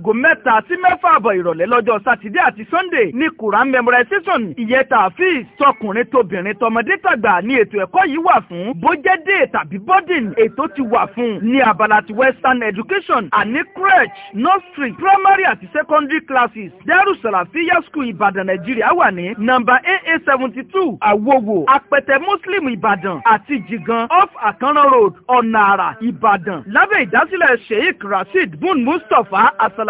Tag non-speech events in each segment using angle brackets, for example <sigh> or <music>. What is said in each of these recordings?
aago mẹ́ta sí mẹ́fà àbọ̀ ìrọ̀lẹ́ lọ́jọ́ sátidé àti sunday ní quran memorization ìyẹn tààfíìs tọkùnrin tóbìnrin tọmọdé tàgbà ní ètò ẹ̀kọ́ yìí wà fún bójẹ́dé tàbí boarding ètò ti wà fún ní abala ti western education àní crèche nursery primary àti secondary classes dẹ́rù sàlàfíà school ìbàdàn nàìjíríà wà ní nọ́mbà aa seventy two àwòwò apẹtẹ muslim ìbàdàn àti jigan off àkànrán road ọ̀nà àrà ìbàdàn lábẹ́ ìdásílẹ̀ sheikh rasheed bun mustapha asala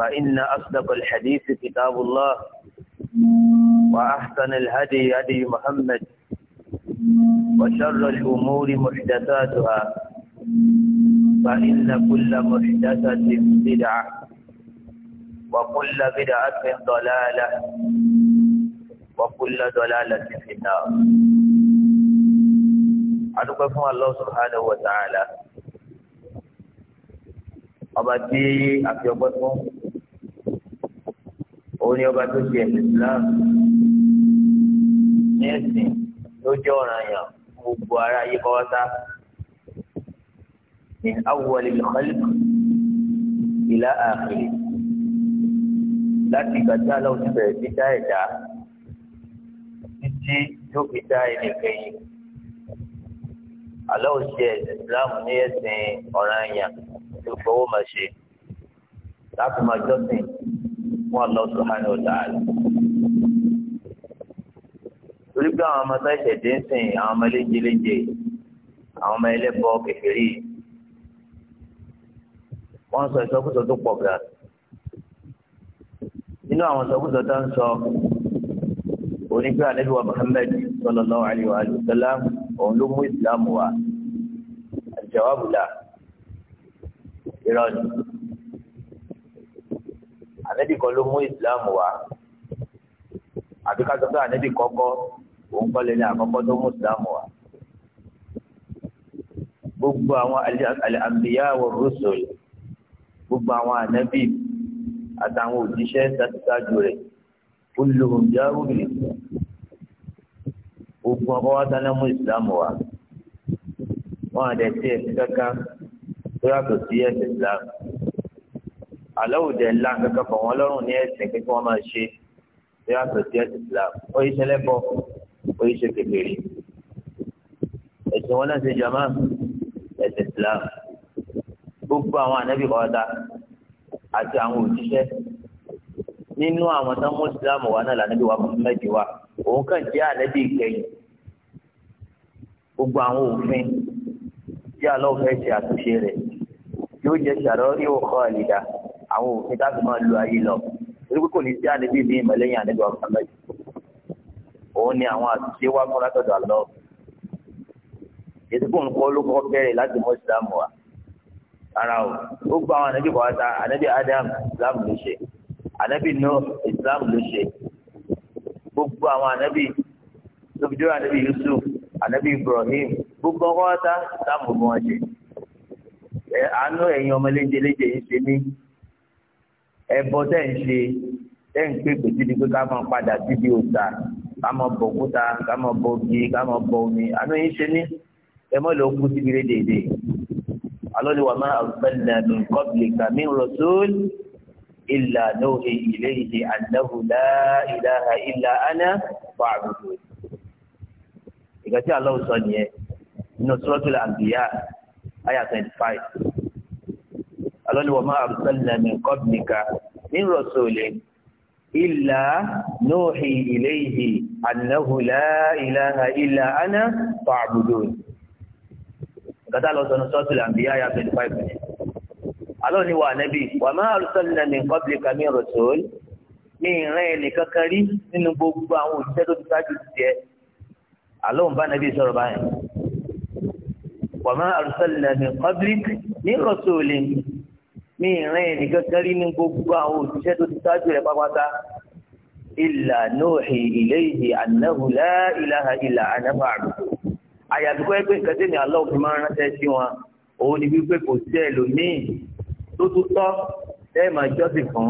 فإن أصدق الحديث كتاب الله وأحسن الهدي هدي محمد وشر الأمور محدثاتها فإن كل محدثة بدعة وكل بدعة ضلالة وكل ضلالة في النار أدعوكم الله سبحانه وتعالى أبدي أبيضكم òun ni ọba tó ṣe ẹ̀sìn Islam ní ẹ̀sìn tó jẹ́ ọ̀ranyàn fún gbogbo ara ayé kọ́wọ́sá ní awwalil khalq ila akhiri láti ìgbà tí aláwọ̀ ti bẹ̀rẹ̀ sí dá ẹ̀dá títí yóò fi dá ẹnìkẹyìn aláwọ̀ ṣe ẹ̀sìn Islam ní ẹ̀sìn ọ̀ranyàn tó fọwọ́ máa ṣe láti máa jọ́sìn wọn lọ subhanahu wa ta'ala. torí pé àwọn ọmọ tó ẹsẹ̀ dé ń sìn àwọn ọmọ eléjeléje àwọn ọmọ ẹlẹ́bọ kékeré wọ́n sọ ìsọkúsọ tó pọ̀ gan. nínú àwọn ìsọkúsọ tó ń sọ onígbà ànábì wa Muhammad sallallahu alaihi òun ló mú ìsìlámù wa àjẹwàbùlà ìrọ̀lù ànẹ́bì kan ló mú islam wá àbí ká sọ pé ànẹ́bì kọ́kọ́ òun kọ́ lẹ́ni àkọ́kọ́ tó mú islam wá gbogbo àwọn al-anbiya wa rusul gbogbo àwọn ànẹ́bì àtàwọn òjíṣẹ́ ṣáṣíṣájú rẹ̀ kulluhum ja'u bil-islam gbogbo ọkọ wa tán mú islam wá wọn àdẹ̀tí ẹ̀sìn kankan tó yàtọ̀ sí ẹ̀sìn islam aláwòdẹ ńlá kankan fọ wọn lọ́rùn ní ẹsẹ pé kí wọn máa ṣe bí wọn sọ sí ẹsẹ islam oyin ṣẹlẹ bọ oyin ṣe kékeré ẹsẹ wọn náà ṣe jama ẹsẹ islam gbogbo àwọn ànábì ọ̀dà àti àwọn òjíṣẹ́ nínú àwọn tó ń mú islam wà náà lànàbí wa mẹ́jọ wa òun kàn jẹ́ ànábì ìkẹyìn gbogbo àwọn òfin tí aláwọ̀ ṣe àtúnṣe rẹ̀ yóò jẹ́ sàrọ́ yóò kọ́ àlìdá àwọn òfin tá a fi máa lo ayé lọ torí pé kò ní sí àdébí ní ìmọ̀lẹ́yìn àdébí ọ̀sán lọ́yìn òun ni àwọn àṣìṣe wá fún látọ̀dọ̀ àlọ́ yẹtùkú nǹkan olókọ́ bẹ̀rẹ̀ láti mọ ìsìlámù wa ara o ó gba àwọn ànábì kan ta ànábì Adam Islam ló ṣe ànábì no Islam ló ṣe gbogbo àwọn ànábì tóbidó ànábì Yusuf ànábì Ibrahim gbogbo ọkọ ta Islam ló wọn ṣe ẹ àánú ẹ̀yin ọmọ léjeléje ẹbọ tẹ́ ń ṣe tẹ́ ń pè pè síbi pé ká máa padà síbi òòṣà ká máa bọ òkúta ká máa bọ ogi ká máa bọ omi àánú yín ṣe ní ẹ mọ́ lọ kú síbi rẹ̀ dèdè alọ́lẹ̀ wà máa arsalna min qablika min rasul illa nuhi ilayhi annahu la ilaha illa ana fa'budun ìgbà tí Allah nìyẹn nínú Suratul Anbiya ayah twenty five alọ́niwọ̀ máa àrùsọ́lẹ̀ ní kọ́bìnìkà ní rọ̀sọ̀lẹ̀ ìlà nóòhì ilé ìhì ànáhùlá ìlànà ìlà àná fàbùdó gata lọ sọnù sọ́ọ̀tù làǹbí àyà 25 ni alọ́niwọ̀ ànábì wà máa àrùsọ́lẹ̀ ní kọ́bìnìkà ní rọ̀sọ̀lẹ̀ mi ìran ẹnìkan kan rí nínú gbogbo àwọn òṣìṣẹ́ tó ti ṣáájú tiẹ̀ alóhùn bá nàbí sọ̀rọ̀ báyìí ní ìran ẹnìkan kan rí ní gbogbo àwọn òṣìṣẹ́ tó ti ṣáájú rẹ̀ pápátá ìlà nóòhì ìléyìí ànáhùlá ìlàhà ìlà ànáhùn àbùkù àyàdúgbò ẹgbẹ́ nǹkan tẹ̀mí aláwọ̀ fi máa ránṣẹ́ sí wọn òun ni wípé kò sí ẹlòmíì tó tún tọ́ ẹ máa jọ́sìn fún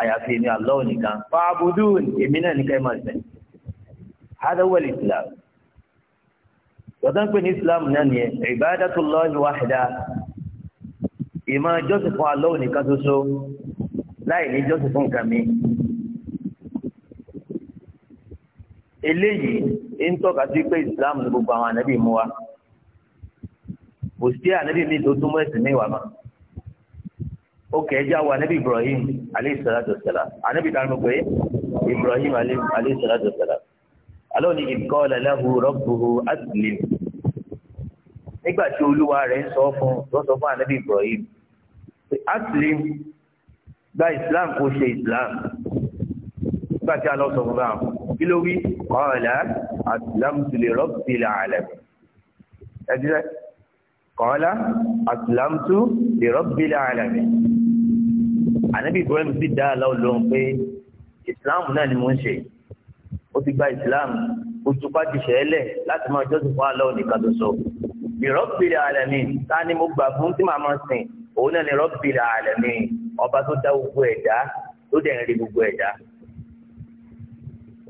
àyàfi èmi aláwọ̀ nìkan fàbùdù èmi náà nìkan ẹ máa sẹ̀ hadawal islam wọ́n tán pè ní islam náà nìyẹn ibadatullahi wahda ìmọ̀ jọ́sìn fún Allah nìkan ṣoṣo láì ní jọ́sìn fún nǹkan mi. eléyìí ń tọ́ka sí pé Islam ní gbogbo àwọn ànábì mú wa kò sí ànábì mi tó túmọ̀ ẹ̀sìn mẹ́wàá mọ́ ó kẹjá wa ànábì Ibrahim alayhi salatu wassalam ànábì kan ló pé Ibrahim alayhi salatu wassalam alóò ní idh qala lahu rabbuhu aslim nígbà tí olúwa rẹ̀ ń sọ fún lọ́sọ̀ fún ànábì Ibrahim pé aslim gba islam kò ṣe islam nígbà tí a lọ sọ̀rọ̀ náà kí ló wí qala aslamtu li rabbil alamin ẹ̀dínlẹ̀ qala aslamtu li rabbil alamin ànábì ibrahim sì dá aláwọ̀ lóhùn pé islam náà ni mo ń ṣe ó ti gba islam òtúpa ti ṣẹlẹ̀ láti máa jọ́sìn fún aláwọ̀ nìkan tó sọ li rabbil alamin ta ni mo gbà fún tí màá máa sìn òun náà ni Rabbil Alamin ọba tó dá gbogbo ẹ̀dá tó dẹ̀ ń rí gbogbo ẹ̀dá.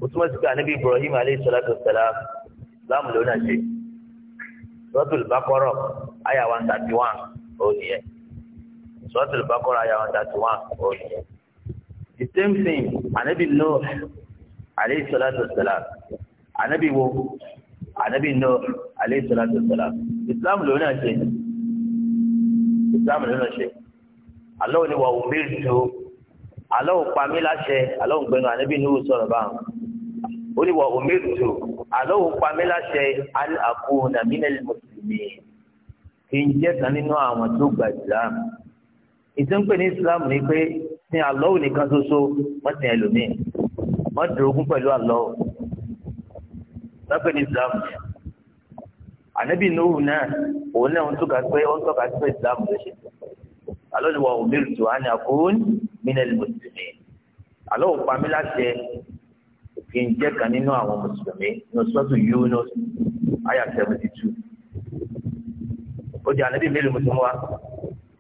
ó túmọ̀ sí pé ànábì Ibrahim alayhi salatu salam, islam ló náà ṣe Suratul Baqara àyà one thirty one òun nìyẹn Suratul Baqara àyà one thirty one òun the same thing ànábì Nuh alayhi salatu salam, ànábì wo ànábì Nuh alayhi salatu salam, islam ló náà ṣe ìsìlámù ló ń ṣe alẹ́ òní wà òun bíi tu alẹ́ òun pa mí láṣẹ alẹ́ òun gbẹnu àníbí ní sọ̀rọ̀ bá ó ní wà òun bíi tu alẹ́ òun pa mí láṣẹ alẹ́ àkó nàmínẹ́lì mùsùlùmí kì í jẹ́ kan nínú àwọn tó gba ìsìlámù ìtúnpè ní ìsìlámù ni pé ní alẹ́ òun nìkan ṣoṣo wọ́n ti ẹlòmíì wọ́n dùn ogún pẹ̀lú alẹ́ òun lọ́pẹ́ ní ìsìlámù yẹn ànábì nóhù náà òun náà ń tọ́ka pé ó ń tọ́ka pé islam ló ṣe alo ni wa umirtu an akun min almuslimin alo pa mí láṣẹ kí n jẹ́ kan nínú àwọn mùsùlùmí ní sọ́tù Yunus aya seventy two ó di ànábì mélòó mùsùlùmí wa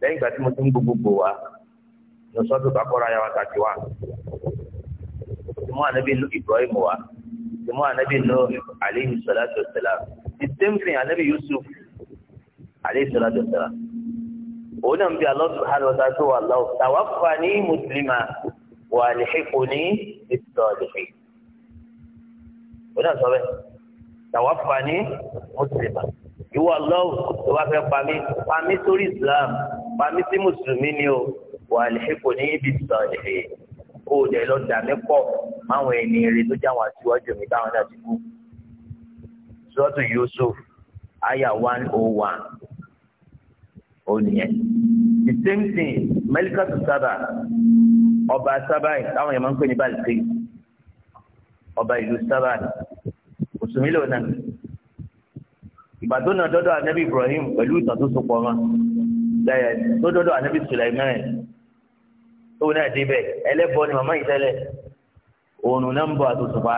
lẹ́yìn ìgbà tí mo ti ń gbogbogbò wa ní sọ́tù Bakara aya wa thirty one tí mo Ibrahim wa tí mo ànábì Nuh alayhi salatu wa salam the same thing anabi yusuf alayhi salatu wa salam òun náà ń bi Allah subhanahu wa ta'ala tó wà Allah tawaffani muslima wa alhiqni bis-salihin òun náà sọ bẹ́ẹ̀ tawaffani muslima ìwọ Allah tó bá fẹ́ pamí pamí sórí islam pamí sí mùsùlùmí ni o wa alhiqni bis-salihin kó o dẹ̀ lọ dà mí máwọn ènìyàn rẹ̀ tó jáwọn àtiwájú mi táwọn náà ti kú sọ́tù Yusuf aya one oh one ó nìyẹn the same thing mẹ́líkàtù sábà ọba sábà táwọn yẹn máa ń pè ní balùwẹ̀ ọba ìlú sábà mùsùlùmí lò náà ìgbà tó nà dọ́dọ̀ anabi Ibrahim pẹ̀lú ìtàn tó sopọ̀ wọn lẹ́yìn tó dọ́dọ̀ anabi Sulaiman tó náà débẹ̀ ẹlẹ́bọ ni màmá yìí tẹ́lẹ̀ òòrùn náà ń bọ̀ àtòsùpá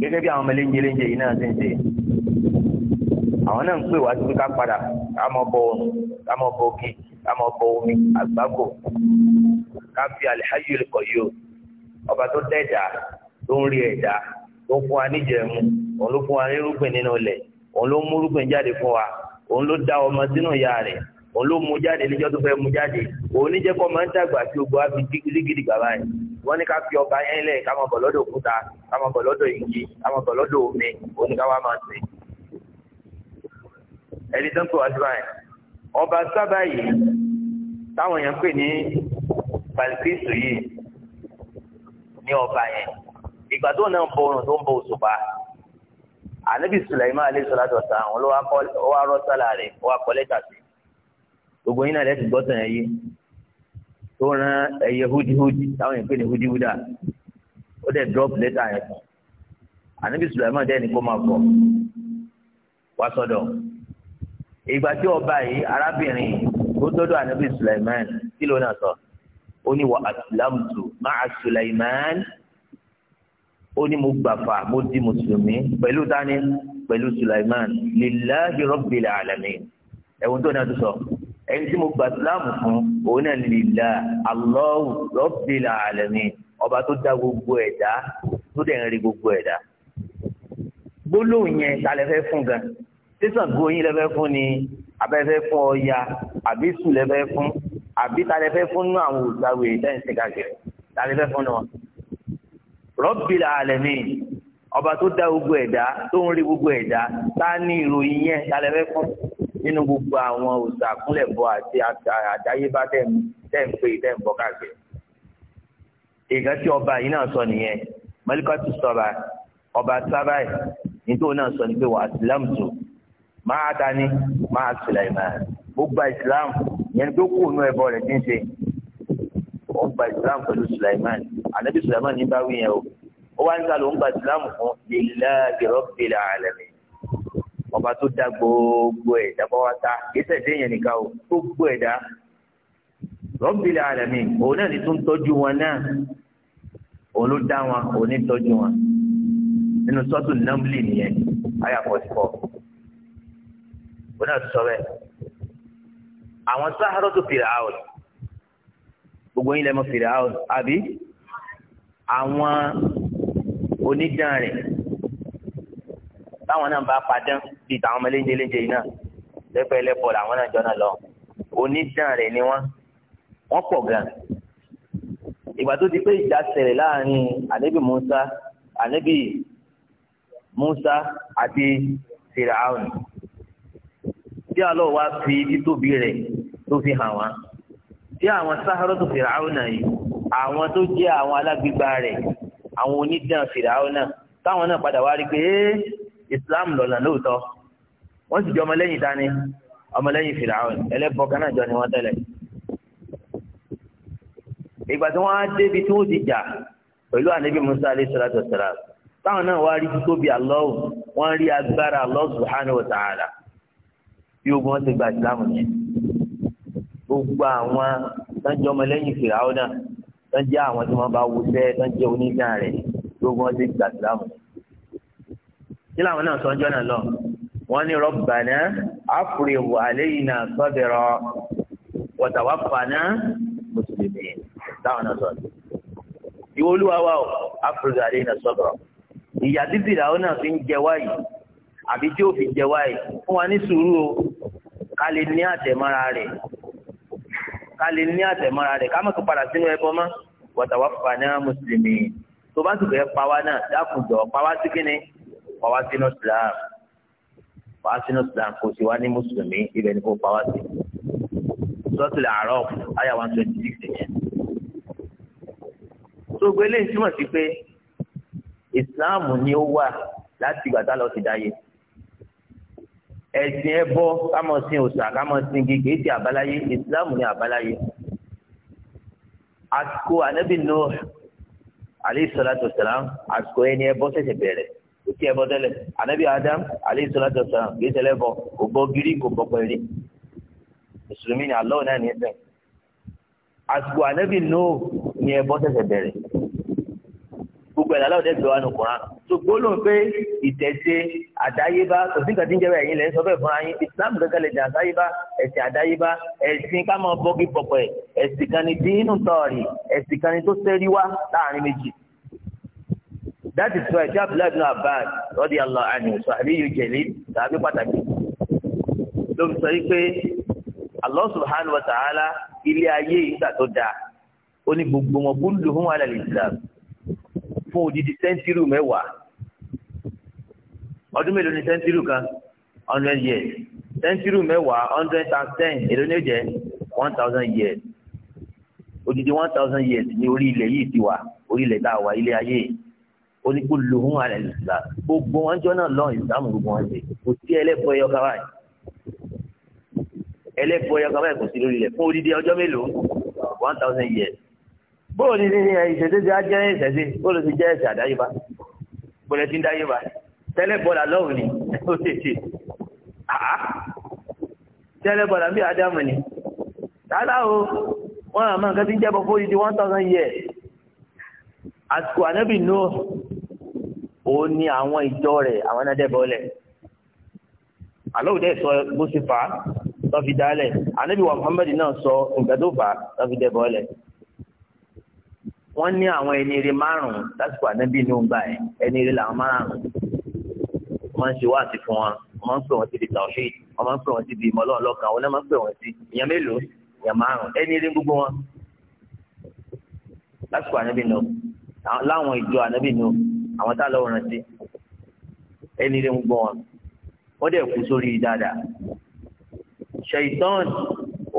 gẹ́gẹ́ bí àwọn mele eléńjẹléńjẹ yìí náà ṣe ń ṣe àwọn náà ń pè wá síbi ká padà ká mọ bọ oòrùn ká mọ omi àgbákò ká fi àlìháyò yìí o ọba tó dẹ́ẹ̀dá tó ń rí ẹ̀dá tó fún wa níjẹ̀mú òun ló fún wa nírúgbìn nínú ilẹ̀ òun ló mú rúgbìn jáde fún wa òun ló dá òun ló mú jáde níjọ́ tó fẹ́ mú jáde òun níjẹ́ kọ́ máa ń dàgbà tí ogun àfi gírígírí gbà báyìí wọ́n ní ká fi ọba yẹn lẹ̀ ká máa bọ̀ lọ́dọ̀ òkúta ká máa bọ̀ lọ́dọ̀ igi ká máa bọ̀ lọ́dọ̀ omi òun ní ká wá máa sìn. ẹni tó ń pè wá sí báyìí ọba sábà yìí táwọn èèyàn pè ní palikisu yìí ní ọba yẹn ìgbà tó náà bọ oòrùn tó ń bọ òṣùpá ànábì Sulaiman alẹ́ sọ́lá dọ̀tà òun ló wá rọ́ sálà rẹ̀ wá kọ́ lẹ́tà sí gbogbo yín náà lẹ́sìn gbọ́tàn ẹ̀yẹ tó rán ẹ̀yẹ húdíhúdí táwọn yẹn pè ní húdíhúdà ó dẹ̀ drop lẹ́tà yẹn fún ànábì sùlẹ̀mọ́ dẹ́ni kó máa bọ̀ wá sọ́dọ̀ ìgbà tí ọba yìí arábìnrin tó dọ́dọ̀ ànábì sùlẹ̀mọ́n kí ló náà sọ ó ní wà àtìlámùtù máa sùlẹ̀mọ́n ó ní mo gbàfà mo di mùsùlùmí pẹ̀lú tani pẹ̀lú sùlẹ̀mọ́n lillahi rabbil alamin ẹ̀wọ̀n tó náà tó sọ ẹni tí mo gbà síláàmù fún òun náà lìlá Allahu Rabbil Alamin ọba tó dá gbogbo ẹ̀dá tó dẹ̀ ń rí gbogbo ẹ̀dá gbólóhùn yẹn ta lẹ fẹ́ fún gan sísan gbóyin lẹ fẹ́ fún ni abẹ́fẹ́ fún ọya àbí sùn lẹ fẹ́ fún àbí ta lẹ fẹ́ fún nínú àwọn òṣàwé tẹ́ǹsì káàkiri ta lẹ fẹ́ fún náà Rabbil Alamin ọba tó dá gbogbo ẹ̀dá tó ń rí gbogbo ẹ̀dá ta ni ìròyìn yẹn ta lẹ fẹ́ fún nínú gbogbo àwọn òòṣà àkúnlẹ̀bọ àti àdáyébá tẹ̀ ń pè tẹ̀ ń bọ káàkiri. ìgbà tí ọba yìí náà sọ nìyẹn mọ́líkọ́tù sọ̀rọ̀ ọba sábàì nítorí náà sọ ni pé wà á sílámù tó máa ta ni máa Sulaiman ó gba ìsìlámù yẹn tó kù nù ẹbọ rẹ̀ ti ń ṣe ó gba ìsìlámù pẹ̀lú Sulaiman ànábì Sulaiman ní báwí yẹn o ó wá ń sálò ó gba ìsìlámù fún lillahi rabbil alamin ọba tó dá gbogbo ẹ̀dá pátá kéṣẹ̀ déyàn nìkan o gbogbo ẹ̀dá Rabbil alamin òun náà ní tó ń tọ́jú wọn náà òun ló dá wọn òun ní tọ́jú wọn nínú sọ́tù nàmlì nìyẹn àyà fọ̀tìfọ̀ òun náà sọ bẹ́ẹ̀ àwọn sáhárọ́tò fìrà áwòn gbogbo yín lẹ́mọ̀ fìrà áwòn àbí àwọn onídàárín táwọn náà bá padán bíi táwọn ọmọ eléje eléje yìí náà lẹ́pẹ́ ẹlẹ́pọ̀ làwọn náà jọ náà lọ onídàn rẹ̀ ni wọ́n wọ́n pọ̀ gan. ìgbà tó ti pé ìjà ṣẹlẹ̀ láàrin ànábì Musa ànábì Musa àti Firaun tí alọ́ wa fi títóbi rẹ̀ tó fi hàn wá tí àwọn sáhárọ́ tó Firaun náà yìí àwọn tó jẹ́ àwọn alágbègbà rẹ̀ àwọn onídàn Firaun náà táwọn náà padà wá rí pé islam lọ́nà lóòótọ́ wọ́n sì jẹ́ ọmọlẹ́yìn dání ọmọlẹ́yìn fìràwọn ẹlẹ́bọ kan ni wọ́n tẹ́lẹ̀ ìgbà tí wọ́n á débi tí wọ́n ti jà pẹ̀lú ànábì musa alayhi salatu wa salam táwọn náà wá rí títóbi Allah wọ́n rí agbára Allah subhanahu wa ta'ala bí ogun wọn ti gba ìsìlámù yẹn gbogbo àwọn sanjẹ́ ọmọlẹ́yìn fìràwọn náà sanjẹ́ àwọn tí wọ́n bá wusẹ́ sanjẹ́ onídàá rẹ̀ bí wọn ti gba ìsìlámù yẹn kí làwọn náà sọ ọjọ́ náà lọ wọ́n ní rọ́bàná àfúrẹ́wò àléyìnà sọ́dẹ̀rọ̀ wọ̀tàwáfàná mùsùlùmí táwọn náà sọ ọjọ́ ìwọ olúwa wa o àfúrẹ́wò àléyìnà sọ́dẹ̀rọ̀ ìyà títí làwọn náà fi ń jẹ wáyì àbí tí ó fi jẹ wáyì fún wa ní sùúrù o ká lè ní àtẹ̀mọ́ra rẹ̀ ká lè ní àtẹ̀mọ́ra rẹ̀ ká má tó padà sínú ẹbọ mọ́ wọ̀tàwáfàná mùsùlùmí tó bá sì fẹ́ pa wá náà dákùjọ pa wá sí kíni pawá sínú islam pawá sínú islam kò sí wá ní mùsùlùmí ibẹ̀ ni kò pawá sí sọ́tìlì àárọ̀ àyà one twenty six yẹn. gbogbo eléyìí túmọ̀ sí pé islam ni ó wà láti ìgbà tá a lọ sí dáyé ẹ̀sìn ẹbọ kámọ̀ sí òòṣà kámọ̀ sí gègé ti àbáláyé islam ni àbáláyé àsìkò ànábì Nuh alayhi salatu wassalam àsìkò ẹni ẹbọ ṣẹ̀ṣẹ̀ bẹ̀rẹ̀ kò tí ẹ bọ tẹ́lẹ̀ anabi adam aleyhi salatu wa salam kì í ṣẹlẹ̀ bọ kò bọ gírí kò bọ pẹ̀lú ni alọ náà ní ẹsẹ àsìkò anabi nù ni ẹ bọ tẹsẹ bẹ̀rẹ̀ gbogbo ẹ̀dá aláwọ̀ dẹ́gbẹ̀ẹ́ wa nù Kùránì tó gbólóhùn pé ìtẹ̀sẹ̀ àdáyébá tòsí nǹkan tí ń jẹ́ bẹ́ẹ̀ yín lẹ́ ń Islam gẹ́gẹ́ lè dàn àdáyébá ẹ̀sìn àdáyébá ẹ̀sìn ká máa bọ́gí pọ̀pọ̀ ẹ̀ ẹ̀sìn kan ní dínú tọ̀ọ̀rì ẹ̀sìn tó sẹ́rí láàrin méjì that is why jab ladun abad rọdí allah anhu sàbí yu jẹlí sàbí pàtàkì ló fi sọ yìí pé allah subhanahu wa ta'ala ilé ayé ìgbà tó dáa ó ní gbogbo wọn kulluhum ala islam fún odidi sẹ́ńtírù mẹ́wàá ọdún mélòó ni sẹ́ńtírù kan hundred years sẹ́ńtírù mẹ́wàá hundred times ten èló ni ó jẹ́ one thousand years odidi one thousand years ni orí ilẹ̀ yìí ti wà orí ilẹ̀ tá a wà ilé ayé yìí onígbòlóhùn àlẹ ìsìlá gbogbo wọn jọ náà lọ ìsìlámù gbogbo wọn ṣe kò sí ẹlẹ́bọ ẹyọ kan báyìí ẹlẹ́bọ ẹyọ kan báyìí kò sí lórí ilẹ̀ fún odidi ọjọ́ mélòó one thousand years bóò ní ní ìṣẹ̀ṣẹ̀ṣẹ̀ á jẹ́ ìṣẹ̀ṣẹ̀ bóò ló ti jẹ́ ẹ̀ṣẹ̀ àdáyébá bóòlẹ̀ ti ń dáyébá tẹ́lẹ̀ bọ́lá lọ́hùn ni ó tètè tẹ́lẹ̀ bọ́lá bí ádámù ni tálá o wọn àmọ́ nǹkan ti ń jẹ́ bọ́ fún odidi one thousand years àsìkò ànábì Nuh òun ni àwọn ìjọ rẹ̀ àwọn anádẹ́bọ̀lẹ̀ alóòdẹ́ sọ bó ṣe fà á tọ́fi dálẹ̀ ànábì wa Muhammad náà sọ nǹkan tó fà á tọ́fi dẹ́bọ̀lẹ̀ wọ́n ní àwọn ẹni eré márùn-ún lásìkò ànábì Nuh gbà ẹ̀ ẹni eré làwọn márùn-ún ṣe wáàsí fún wọn máa ń pè wọ́n síbi tawhid wọ́n máa ń pè wọ́n síbi ìmọ̀lọ́ọ̀lọ́kan wọ́n náà máa ń pè wọ́n sí ìyẹn mélòó ìyẹn márùn-ún gbogbo wọn lásìkò ànábì Nuh láwọn ìjọ ànábì nù àwọn tá a lọ́wọ́ rántí ẹni lè ń gbọ́ wọn wọ́n dẹ̀ kú sórí dáadáa ṣèyítán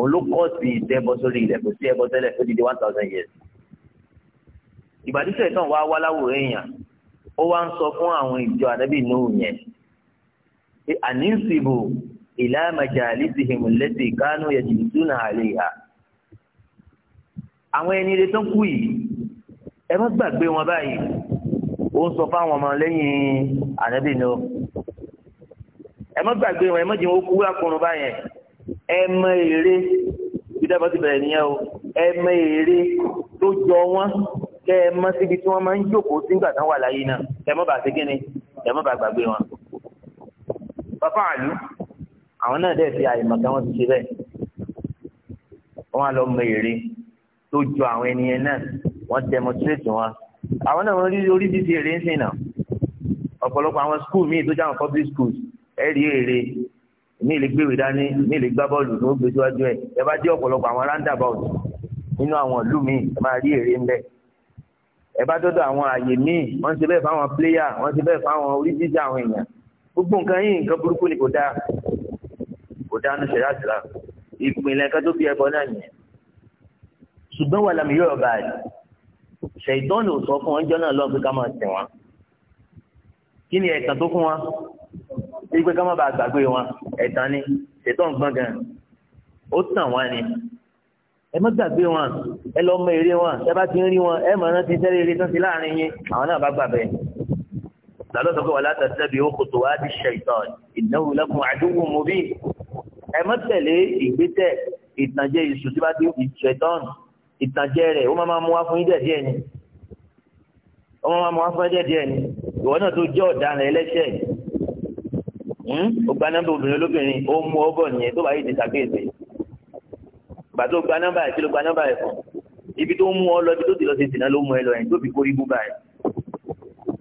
olókọ́sì ìtẹ́bọ sórí ilẹ̀ kò sí ẹbọ tẹ́lẹ̀ ó ti di one thousand years ìbàdí ṣèyítán wá wá láwòrán èèyàn ó wá ń sọ fún àwọn ìjọ ànábì nù yẹn pé àníṣìbò ìlà majalisihim allati kanu yajlisuna alayha àwọn ẹni lè tán kú yìí ẹ má gbàgbé wọn báyìí ó ń sọ fáwọn ọmọ lẹ́yìn ànábì ni ó ẹ má gbàgbé wọn ẹ má jẹ́ wọn kú lákùnrin báyẹn ẹ mọ èrè ìdábọ̀ ti bẹ̀rẹ̀ nìyẹn o ẹ mọ èrè tó jọ wọn kẹ ẹ mọ síbi tí wọn máa ń jókòó sí nígbà wà láyé náà ẹ má bàa ṣe kí ni ẹ má bàa gbàgbé wọn. bàbá àlù àwọn náà dẹ̀ fi àyè màkà wọn ti ṣe bẹ́ẹ̀ wọ́n á lọ mọ èrè tó jọ àwọn ẹnìyẹn náà wọ́n demonstrate wọn àwọn náà wọ́n rí orí bíi èrè ń sìn náà ọ̀pọ̀lọpọ̀ àwọn school míì tó jáwọn public schools ẹ̀ rí èrè mi lè gbéwèé dání mi lè gbá bọ́ọ̀lù tó gbé síwájú ẹ̀ ẹ bá dé ọ̀pọ̀lọpọ̀ àwọn roundabout nínú àwọn ìlú míì ẹ máa rí èrè ń bẹ̀ ẹ bá dọ́dọ̀ àwọn àyè míì wọ́n ti bẹ́ẹ̀ fáwọn player wọ́n ti bẹ́ẹ̀ fáwọn oríṣiríṣi àwọn èèyàn gbogbo nǹkan yìí nǹkan burúkú ni kò dáa kò dáa ní sẹ̀dá ìpìlẹ̀ nǹkan tó bí ẹbọ náà nìyẹn ṣùgbọ́n wà lámì yóò báyìí ṣèyítọ́nù sọ fún wọn jọ náà lọ́ọ́ pé ká máa sìn wọn kí ni ẹ̀tàn tó fún wọn bíi pé ká má bàa gbàgbé wọn ẹ̀tàn ni ṣèyítọ́nù gbọ́n gan ó tàn wá ni ẹ má gbàgbé wọn ẹ lọ mọ eré wọn ẹ bá ti ń rí wọn ẹ mọ náà ti sẹ́rẹ̀ eré tán sí láàrin yín àwọn náà bá gbà bẹ́ẹ̀ lọ́dọ̀ sọ pé wàlá tẹ̀síbi ó kòtò wá di ṣèyítọ́n ìnáwó lẹ́kùn àdúgbò mọ́bí ẹ má tẹ̀lé ìgbésẹ̀ ìtànjẹ ìṣòtí bá ti ń fi ṣèyítọ́nù ìtànjẹ rẹ̀ ó máa mú wá fún yín díẹ̀ díẹ̀ ni ó máa mú wá fún yín díẹ̀ díẹ̀ ni ìwọ náà tó jẹ́ ọ̀daràn ẹlẹ́ṣẹ̀ ó hmm? gba nọ́mbà obìnrin olóbìnrin ó mú ọ bọ̀ nìyẹn tó bá yìí ti sàkéèsè ìgbà tó gba nọ́mbà yẹn kí ló gba nọ́mbà yẹn fún ibi tó mú ọ lọ ibi tó ti lọ sí ìdìnnà ló mú ẹ lọ yẹn tó fi kórí bú báyìí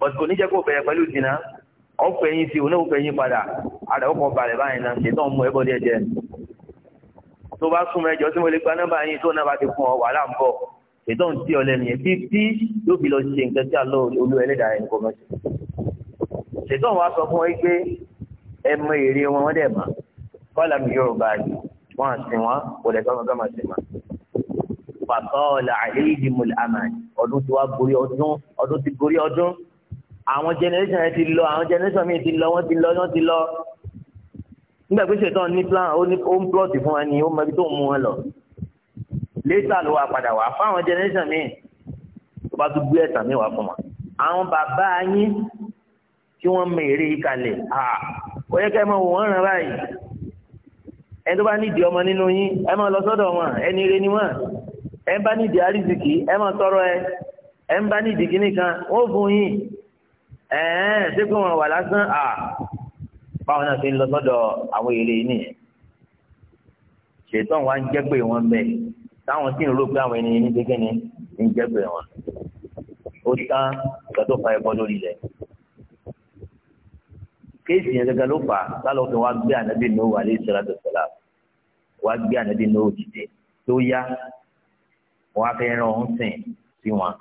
bọ́sù kò ní jẹ́ kó bẹ̀rẹ̀ pẹ̀lú ìdìnnà ọ̀fẹ́ yín sí oníwòfẹ́ yín padà àdàwọ̀kọ̀ balẹ̀ báyìí náà ṣètò ọmọ ẹ̀bọ̀ díẹ̀ díẹ̀ tó bá súnmọ́ ẹjọ́ tí mo lè gba nọ́mbà yín tó náà bá ti fún ọ wàhálà ń bọ̀ ètò ń tí ọlẹ́nu yẹn títí yóò fi lọ ṣe nǹkan tí àlọ́ olú ẹlẹ́dàá ẹnì kan mọ́tò ṣètò wa sọ fún wọn pé ẹ mọ èrè wọn wọn dẹ̀ mọ́ kọ́lá mi yóò bá yìí wọn àti wọn kò lè gbọ́n gbọ́n sí ma pàtó ọ̀là àìléyìí mu àmàlì ọdún tí wàá gorí ọdún ọdún ti gorí ọdún àwọn generation yẹn ti lọ àwọn generation mi ti lọ wọn ti lọ wọn ti lọ nígbà pé ṣètọ́ ní plan ó ní ó ń plọ̀tì fún wa ni ó mọ ibi tó ń mú wọn lọ létà ló wà padà wá fáwọn generation míì tó bá tún gbé ẹ̀sán mi wá fún wa àwọn bàbá yín tí wọ́n mèrè kalẹ̀ ó yẹ ká ẹ máa wò wọ́n ràn báyìí ẹni tó bá nídìí ọmọ nínú yín ẹ máa lọ sọ́dọ̀ wọn ẹni ire ni wọn ẹ bá nídìí àrísìkì ẹ máa tọrọ ẹ ẹ bá nídìí kíní ó fún yín ẹ̀ẹ́n ṣé pé wọn wà lásán báwọn náà ti ń lọ sọ́dọ̀ àwọn èrè nìyẹn ṣètọ́n wa ń jẹ́ pé wọ́n bẹ̀ táwọn sì ń rò pé àwọn ènìyàn ní kékeré ní ń jẹ́ pé wọ́n ó tán ìgbà tó fa ẹbọ lórí ilẹ̀ kéèsì yẹn gẹ́gẹ́ ló fà á sálọ fún wa gbé ànábì nóò alẹ́ ìṣẹ́lá tó sọ̀lá wa gbé ànábì nóò dìde tó yá wọn á fẹ́ ràn ọ́n sìn sí wọn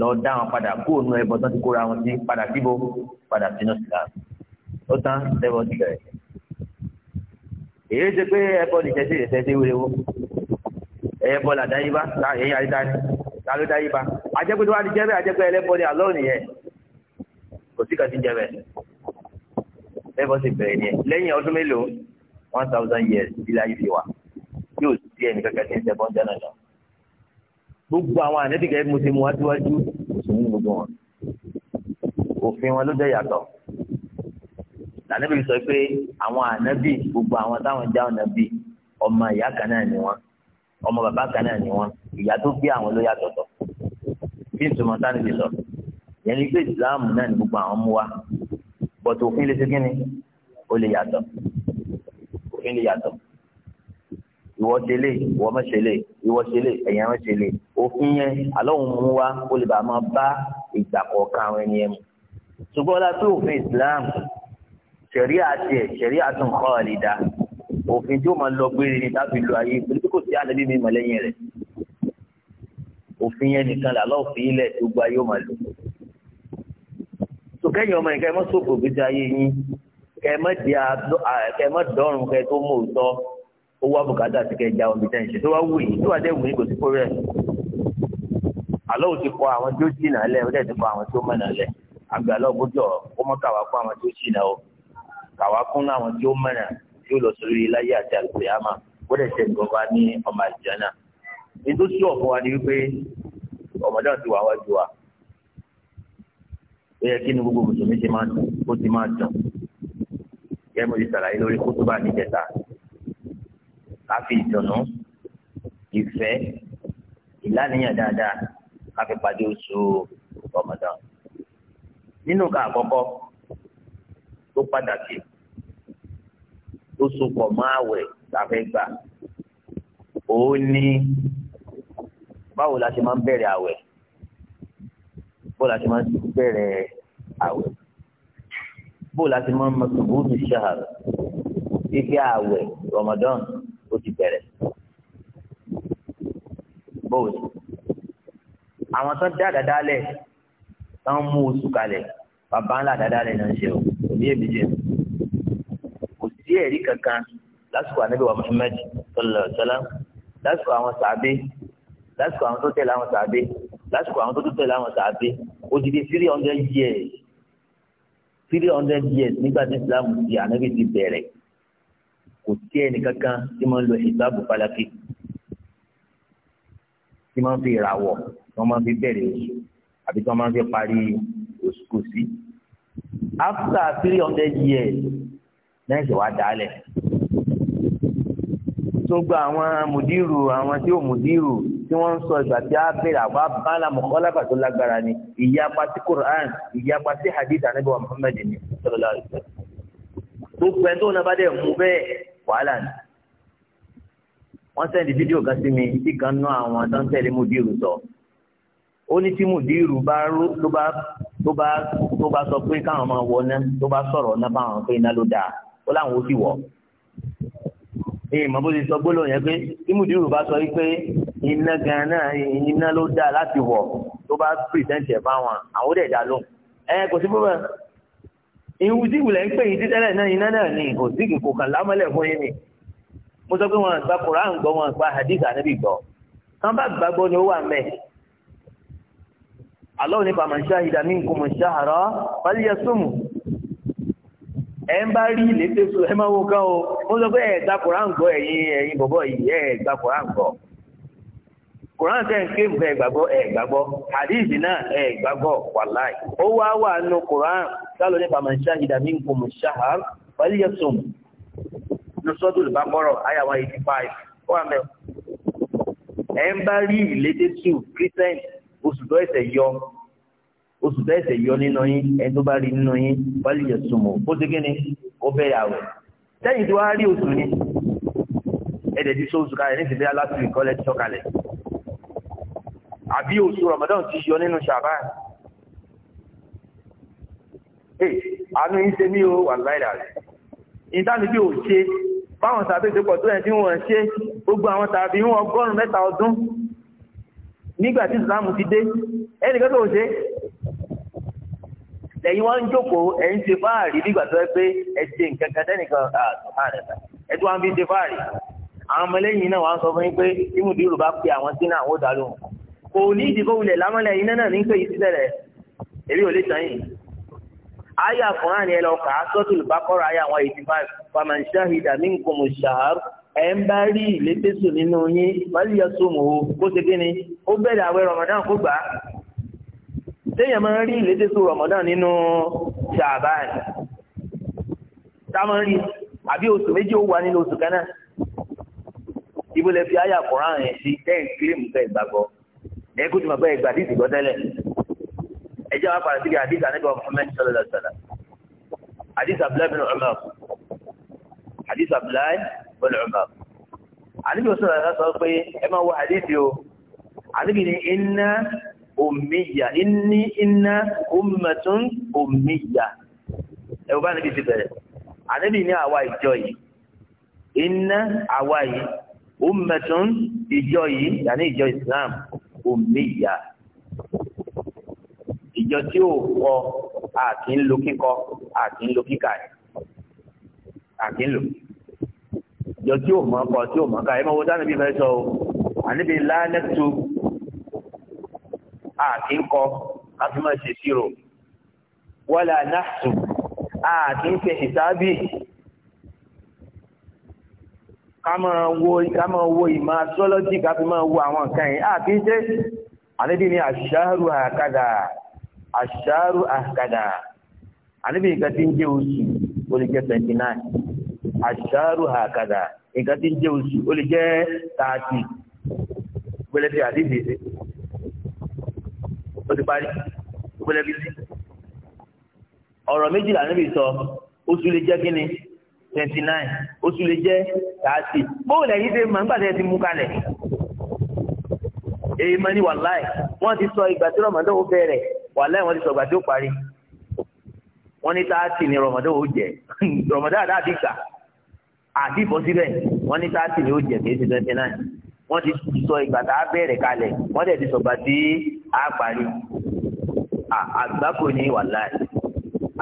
lọ dá wọn padà kóònù ẹbọ tán ti kóra wọn sí padà síbo padà sínú síláàmù ó tán lẹ́bọ̀ ti bẹ̀rẹ̀ èyí ṣe pé ẹbọ ní tẹsí rẹ tẹsí wéwo ẹbọ là dáyébá èyí àdídá ta ló dáyébá àjẹpẹ tó wà ní jẹbẹ àjẹpẹ ẹlẹbọ ní àlọ nìyẹn kò sí kàtí jẹbẹ ẹbọ sì bẹ̀rẹ̀ nìyẹn lẹ́yìn ọdún mélòó one thousand years ilé ayé fi wà yóò sí ẹnì kankan tí ń ṣẹbọ ń dáná lọ gbogbo àwọn ànẹ́bí kẹ́kẹ́ mo ti mú wájú wájú òṣèlú gbogbo wọn òfin wọn ló jẹ́ yàtọ̀ lànàbí sọ pé àwọn ànábì gbogbo àwọn táwọn já ànábì ọmọ ìyá kan náà ni wọn ọmọ bàbá kan náà ni wọn ìyá tó bí àwọn ló yàtọ̀ tọ̀ bí ìtumọ̀ tánàbí sọ yẹn ni pé ìsìláàmù náà ni gbogbo àwọn mú wa bọ̀tù òfin lè ṣe kí ni ó lè yàtọ̀ òfin lè yàtọ̀ ìwọ ṣẹlẹ̀ ìwọ má ṣẹlẹ̀ ìwọ ṣẹlẹ̀ ẹ̀yin má ṣẹlẹ̀ òfin yẹn alóhùn mú wa ó lè bàa máa bá ìgbà kọ̀ọ̀kan ẹni yẹn mu ṣùgbọ́n ọlá pé òfin Islam ṣẹ̀rí àti ẹ̀ ṣẹ̀rí àtún khalida òfin tí ó máa lọ gbére ni táfi lu ayé pẹ̀lú kò sí ànábì mi mọ̀ lẹ́yìn rẹ̀ òfin yẹn nìkan là lọ́ọ́ fi ilẹ̀ tó gba yóò máa lò. tó kẹ́yìn ọmọ yìí kẹ́ ẹ mọ́ gbèsè ayé yín kẹ́ ẹ mọ́ dọ́rùn kẹ́ ẹ tó mú òótọ́ ó wá bùkátà sí kẹ́ ẹ já omi tẹ́ ṣe tó wá wù yìí tó wá dé wù yìí kò sí kó àlọ́ ti àwọn kàwá kún àwọn tí ó mọ̀nà tí ó lọ sórí láyé àti àlùkòyàmà gbọ́dọ̀ ṣe nǹkan bá ní ọmọ àlùjáná ètò sí ọ̀fọ̀ wa ni wípé ọmọdé àti wàá wájú wa ó yẹ kí ni gbogbo mùsùlùmí ti máa dùn ó ti máa dùn kẹ́mi ti sàlàyé lórí kótóbà níjẹta ká fi ìdùnnú ìfẹ́ ìlànìyàn dáadáa ká fi pàdé oṣù ọmọdé nínú ká àkọ́kọ́ tó pàtàkì tó sopọ̀ mọ́ àwẹ̀ tàfẹ́ gbà òun ní báwo la ṣe máa ń bẹ̀rẹ̀ àwẹ̀ bó la ṣe máa ń bẹ̀rẹ̀ àwẹ̀ bó la ṣe máa ń mọ sùgbùnù ṣahar fífi àwẹ̀ Ramadan ó ti bẹ̀rẹ̀ bóòlù àwọn tó dá dáadáa lẹ̀ tán mú oṣù kalẹ̀ bàbá ńlá dáadáa rẹ̀ náà ń ṣe o òbí èmi jẹ kò sí ẹ̀rí kankan lásìkò ànábì wa Muhammad sallallahu alaihi wasallam lásìkò àwọn sàábé lásìkò àwọn tó tẹ̀lé àwọn sàábé lásìkò àwọn tó tó tẹ̀lé àwọn sàábé odidi three hundred years three hundred years nígbà tí Islam ti ànábì ti bẹ̀rẹ̀ kò sí ẹnì kankan tí máa ń lo ìsáàbù falaki tí máa ń fi ìràwọ̀ tí wọ́n ń fi bẹ̀rẹ̀ oṣù àbí tí wọ́n ń fi parí kò sí after three hundred years lẹ́yìn ìṣẹ̀wá dálẹ̀ tó gba àwọn mùdírù àwọn tí ò mùdírù tí wọ́n ń sọ ìgbà tí a bẹ̀rẹ̀ àbá bala mọ̀kọ́lábà tó lágbára ni ìyapa sí Quran ìyapa sí hadith Ànábì wa Muhammad ni sallallahu alaihi wasallam tó pẹ́ tó náà bá dẹ̀ mú bẹ́ẹ̀ wàhálà ni wọ́n sẹ́ndì fídíò kan sí mi tí kan ná àwọn tó ń tẹ̀lé mùdírù sọ. So ó ní tí mùdírù bá tó bá tó bá tó bá sọ pé káwọn máa wọ ná tó bá sọ̀rọ̀ ná báwọn pé iná ló dáa ó láwọn ó sì wọ̀ ìmọ̀ bó ti sọ gbólóhùn yẹn pé tí mùdírù bá sọ pé iná gan-an iná ló dáa láti wọ̀ tó bá pìrìsẹ́ǹtì ẹ̀ fáwọn àwọn ó dẹ̀ dá lóhùn ẹ kò sí bóbá ìwú tí ìwúlẹ̀ ń pè yín títẹ́lẹ̀ náà iná náà ni kò sí kò kàn lámọ́lẹ̀ fún yín ni mo sọ pé wọn àgbà Kùránì gbọ́ wọn àgbà hadith ànábì gbọ́ kán bá gbàgbọ́ ni ó wà mẹ́ẹ̀ Allah ní faman shahida minkum shahra falyasumhu ẹ ń bá rí ilé tẹ́sù ẹ máa wo ká o mo sọ pé ẹ̀ gba koran gbọ́ ẹ̀yin ẹ̀yin bọ̀bọ̀ yìí ẹ̀ gba koran gbọ́ koran tẹ̀ ń ké nǹkan ẹ̀gbàgbọ́ ẹ̀gbàgbọ́ hadith náà ẹ̀gbàgbọ́ koran sálọ ní faman shahida minkum ash-shahra falyasumhu lọ́sọ́dún ìbámọ́rọ̀ àyà one eighty five 85. wà mẹ́wọ̀ ẹ̀ ń bá rí ilé tẹ́sù christian tó ẹsẹ̀ yọ oṣù tó ẹsẹ̀ yọ nínú yín ẹni tó bá rí nínú yín wálé yẹ sùnmù ó ti kí ni ó bẹ̀rẹ̀ àwẹ̀ sẹ́yìn tó wá rí oṣù ni ẹ̀dẹ̀ ti sọ oṣù kalẹ̀ ní ìsìnkú aláṣẹ ìkọlẹ̀ ti sọ kalẹ̀ àbí oṣù Ramadan ti yọ nínú Ṣàbáà àánú yín ṣe mí o wà láìlà rẹ̀ ìdáni bí ò ṣe báwọn tàbí ìṣepọ̀ tó ẹ̀ tí wọ́n ṣe gbogbo àwọn tàbí wọn ọgọ́rùn-ún mẹ́ta nígbà tí islam ti dé ẹnìkan tó ṣe ẹ̀yin wá ń jókòó ẹ̀ ń ṣe fáàrí nígbà tó ẹ pé ẹ ṣe nǹkan kan tẹ́nìkan àtúnṣe ah, ẹ tó wá ń fi ṣe fáàrí àwọn ọmọlẹ́yìn náà wá ń sọ fún yín pé ìmùdí yorùbá pe àwọn sínú àwọn ó dá lóhùn kò ní ìdìbò wulẹ̀ lámọ́lẹ̀ iná náà ní pé ìsílẹ̀ èmi ò lè ẹ̀ ń bá rí ìlétésù nínú yín wálíyà sómù o kó ṣe kíni ó bẹ̀rẹ̀ àwẹ̀ Ramadan kó gbà á téèyàn máa ń rí ìlétésù Ramadan nínú Ṣàbáàn táwọn rí àbí oṣù méjì ó wà nínú oṣù kan náà ibo lè fi àyà kùnrán yẹn sí ten kílímù ká ìgbàgbọ́ ẹkú tí mo bá ìgbà dídì gbọ́ tẹ́lẹ̀ ẹjẹ́ wa padà síbi àdìsí àníbọ̀ Muhammad sallallahu alaihi wasallam àdìsí hadith abdullahi bọ́lá ọba àníbi òsùn àti sọ pé ẹ máa wọ àdéhì o àníbi ni iná omiya iní iná ummatun omiya ẹ wọ́n bá níbi ti bẹ̀rẹ̀ àníbi ní àwa ìjọ yìí iná àwa yìí ummatun ìjọ yìí yàní ìjọ islam omiya ìjọ tí ò kọ àti ń lo kíkọ àti ń lo kíkà àti ń lo kíkà. jọ tí ò mọ̀ kọ tí ò mọ̀ ká ẹ mọ̀ wo dáná bí fẹ́ sọ o àníbi lánàtú àti ńkọ káfí máa ṣe sírò wọ́lá ìsábì ká máa wo ìmọ̀ astrology máa wo àwọn nǹkan yìí ni àṣàrù àkàdà àṣàrù àkàdà nǹkan tí ń oṣù twenty nine. àṣàrò ha nǹkan tí ń jẹ́ oṣù o lè jẹ́ tààtì gbẹlẹbi ti pari, gbẹlẹbi sí ọ̀rọ̀ méjìlá níbi sọ oṣù lè jẹ́ gini, twenty nine oṣù lè jẹ́ thirty bóòlù ẹ̀yìn ṣe máa ń gbàdé ti mú kalẹ̀ èyí máa ní wàláì wọ́n ti sọ ìgbà tí ti sọ ìgbà tí ó parí ni <laughs> àti ìbọn síbẹ̀ wọ́n ní táàtì ni ó jẹ kì í ṣe twenty nine wọ́n ti sọ ìgbà tá a bẹ̀rẹ̀ kalẹ̀ wọ́n dẹ̀ ti sọ̀gbà tí a parí àgbákò ní wàláì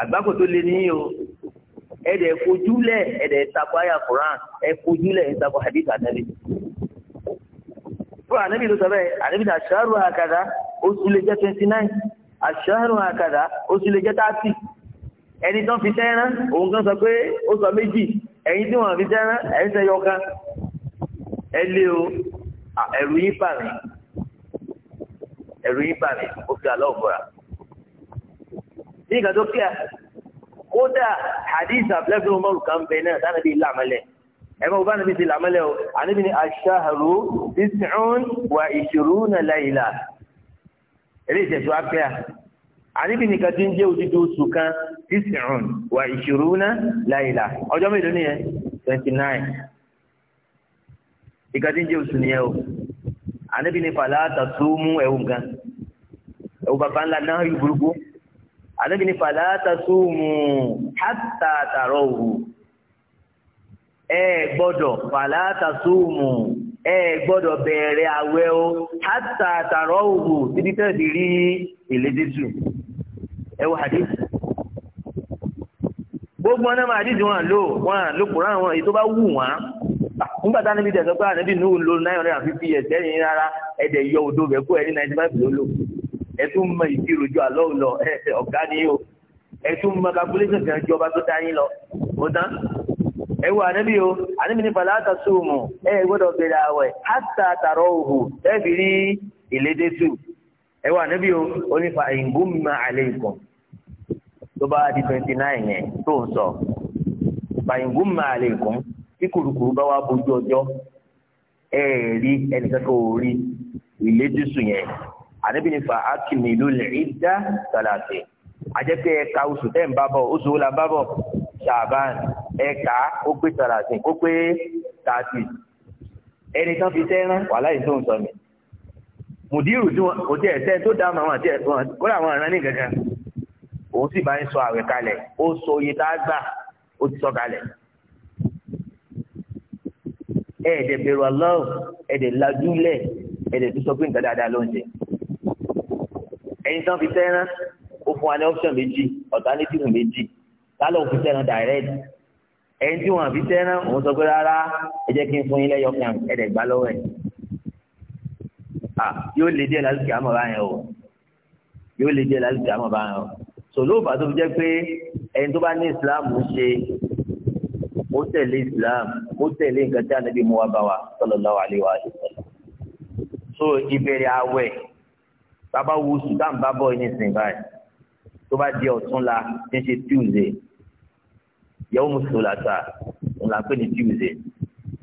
àgbákò tó lé ní o ẹ̀dẹ̀ fojúlẹ̀ ẹ̀dẹ̀ takò àyà Quran ẹ̀ fojúlẹ̀ ẹ̀ takò hadith ànábì fún ànábì ló sọ bẹ́ẹ̀ ànábì náà aṣááru àkàdá oṣù lè jẹ́ twenty nine aṣááru àkàdá oṣù lè jẹ́ thirty ẹni tán fi sẹ́ran òun kan sọ pé ó sọ méjì ẹ̀yin tí wọ́n fi dáná ẹ̀yin tẹ́ yọ kan ẹ lé o ẹ̀rù yín bà mí ẹ̀rù yín bà mí ó fi àlọ́ òbúra. ní ìgbà tó kíá kódà hadith abdulayi umaru kan bẹ náà dáná bíi làmẹlẹ ẹ máa bá nàbí ti làmẹlẹ o àníbi ni aṣáharu tis'un wa ishruna layla eré ìtẹ̀síwá kíá àníbi nìkan tí ń jẹ́ odidi oṣù kan tisirun wa ishiruna layla ọjọ́ mélòó nìyẹn twenty nine nìkan tí ń jẹ́ oṣù nìyẹn o àníbi ní fàlà tasumu ẹ̀wù nǹkan ẹ̀wù bàbá ńlá náà yóò burúkú àníbi ní fàlà tasumu hatta tarahu ẹ gbọ́dọ̀ fàlà tasumu ẹ gbọ́dọ̀ bẹ̀rẹ̀ àwẹ̀ o hatta tarahu títí tẹ̀sí rí ìlédésù. ẹ wo hadith gbogbo ọ̀nà máa wọn lò wọn lò Kùránì wọn èyí tó bá wù wọn nígbàtà níbi tẹ̀sán pé ànábì nù lò nine hundred rárá ẹ̀dẹ̀ yọ odò rẹ̀ kó ẹni ninety ló lò ẹ̀ mọ àlọ́ lọ ọ̀gá ni mọ calculation kan tó dá yín lọ mo tán ànábì o ànábì ní sóòmù gbọ́dọ̀ àwẹ̀ òhù fi rí ìlédè tù ànábì o tó bá di twenty nine yẹn tó ń sọ bàyìngú màálè kún tí kùrùkùrù bá wà bójú ọjọ́ ẹ rí ẹnìkan kò rí ìlédùsù yẹn àdébìnrin fa akimi lulẹ̀ sàlàtì àjẹpẹ́ ẹ̀ka oṣù tẹ́ ń bá bọ̀ oṣù wo la bá bọ̀ ṣàbán ẹ̀ka ó pé sàlàtì ó pé tààtì ẹni tán fi sẹ́rán wàhálà yìí tó ń sọ mi mùdírù tí wọn kò tiẹ̀ sẹ́ tó dá àwọn àti ẹ̀ kó làwọn aràn ní kankan òun sì bá ń sọ àwẹ̀ kalẹ̀ ó sọ iye tá a gbà ó ti sọ kalẹ̀ ẹ̀ẹ́dẹ̀ bẹ̀rù Allah ẹ̀ẹ́dẹ̀ lajúlẹ̀ ẹ̀ẹ́dẹ̀ tó sọ pé nǹkan dáadáa ló ń jẹ ẹ̀yin tán fi tẹ́rán ó fún wa ní option méjì alternative méjì lálẹ́ òfin tẹ́rán direct ẹ̀yin tí wọ́n fi tẹ́rán òun sọ pé rárá ẹ jẹ́ kí n fún yín lẹ́yọ kan ẹ̀ẹ́dẹ̀ gbá lọ́wọ́ ẹ̀ yóò lè díẹ̀ lálùkì àmọ̀ báyẹn o yóò lè sòló bá tó fi jẹ́ pé ẹni tó bá ní islam ń ṣe ó tẹ̀lé islam ó tẹ̀lé nǹkan tí ànábì mú wa bá wa sallallahu alaihi wa sallam so ìbẹ̀rẹ̀ àwẹ̀ bàbá wo sudan bá bọ̀ ní ìsìn báyìí tó bá di ọ̀túnla ní ṣe tuesday yẹ́wò mùsùlùmí ńlá pé ní tuesday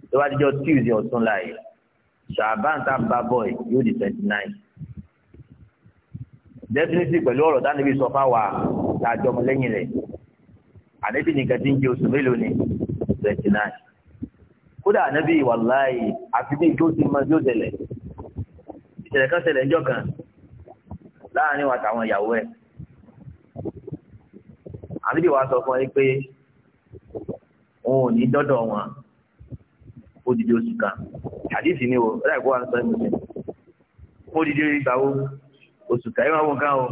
tó bá di jọ tuesday ọ̀túnla yìí ṣàbáǹtà bá bọ̀ yóò di twenty nine definitely pẹ̀lú ọ̀rọ̀ dánibí sọ fáwa tàjọmọ lẹ́yìn rẹ̀ ànábì nìkan ti ń jẹ oṣù mélòó ni twenty nine kódà ànábì wàláì àfi bí ìjó ti máa ń jó ṣẹlẹ̀ ìṣẹ̀lẹ̀ kan ṣẹlẹ̀ ńjọ́ kan láàrin wa tàwọn ìyàwó ẹ̀ ànábì wa sọ fún ẹ pé òun ò ní dọ́dọ̀ wọn odidi oṣù kan àdìsí ni o ẹ̀rọ ìkó wa ń sọ ẹ̀ mọ̀ sí odidi ìgbà wo oṣù kàyọ́ àwọn ọ̀gá o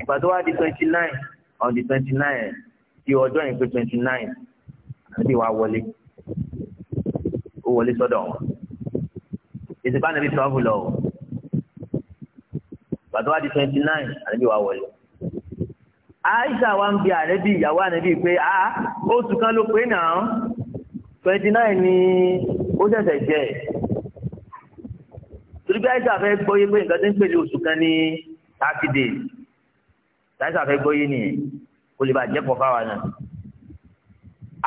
ìgbà tó wá di twenty nine on di twenty nine ti ọjọ́ yẹn pé twenty nine àbí wàá wọlé ó wọlé sọ́dọ̀ wọn ètò bá nàbí travel lọ o ìgbà tó wá di twenty nine àbí wàá wọlé aisha wa ń bi àrẹ́bí ìyàwó àrẹ́bí pé a oṣù kan ló pé náà twenty nine ni ó ṣẹ̀ṣẹ̀ jẹ́ ẹ̀ torí bí àìsàn fẹ́ gbọ́ yé pé nǹkan tó ń pèlè oṣù kan ní thirty days àìsàn fẹ́ gbọ́ yé nìyẹn kò lè bàjẹ́ pọ̀ fáwa náà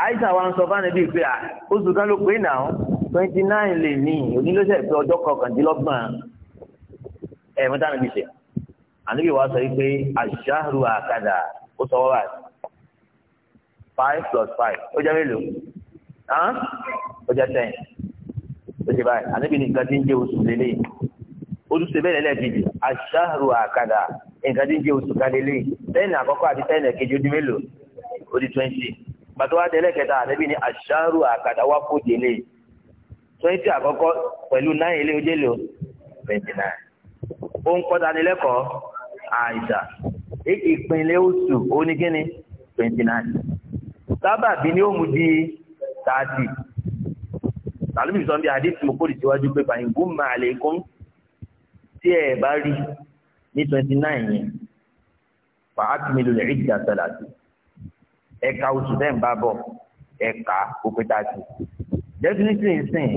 àìsàn wa ń sọ fáwọn ẹbí pé oṣù kan ló pé náà twenty nine lè ní onílọ́sẹ̀ pé ọjọ́ kọkàndínlọ́gbọ̀n ẹ̀ mẹ́ta níbi ṣe àníbi wa sọ yìí pé àṣàrù àkàdà ó sọ wá five plus five ó jẹ́ mélòó ó jẹ́ ten. ó ṣe báyìí ànábì ní nǹkan tí ń jẹ́ oṣù lélẹ̀ olùsè bẹ́ẹ̀ lẹ́ẹ̀kejì aṣáàrù àkàdà nǹkan tí ń jẹ́ oṣù kan tẹ́ẹ̀nì àkọ́kọ́ àti tẹ́ẹ̀nì ẹ̀kejì ó mélòó ó twenty gbàtọ́ wa tẹ́lẹ̀ kẹta ànábì ní àkàdà twenty àkọ́kọ́ pẹ̀lú nine ilé o twenty nine ó ń kọ́ta ní lẹ́kọ̀ọ́ àìsà ìpínlẹ̀ oṣù tàbí sọ́nbi àdéhùn mo kórìí síwájú pé fàyìnbó máa lè kún tí ẹ bá rí ní twenty nine yẹn fa akimilu lè ìdí àtàlàtì ẹ̀ka oṣù tẹ́ ń bá bọ̀ ẹ̀ka òpétàtì definitely nsìn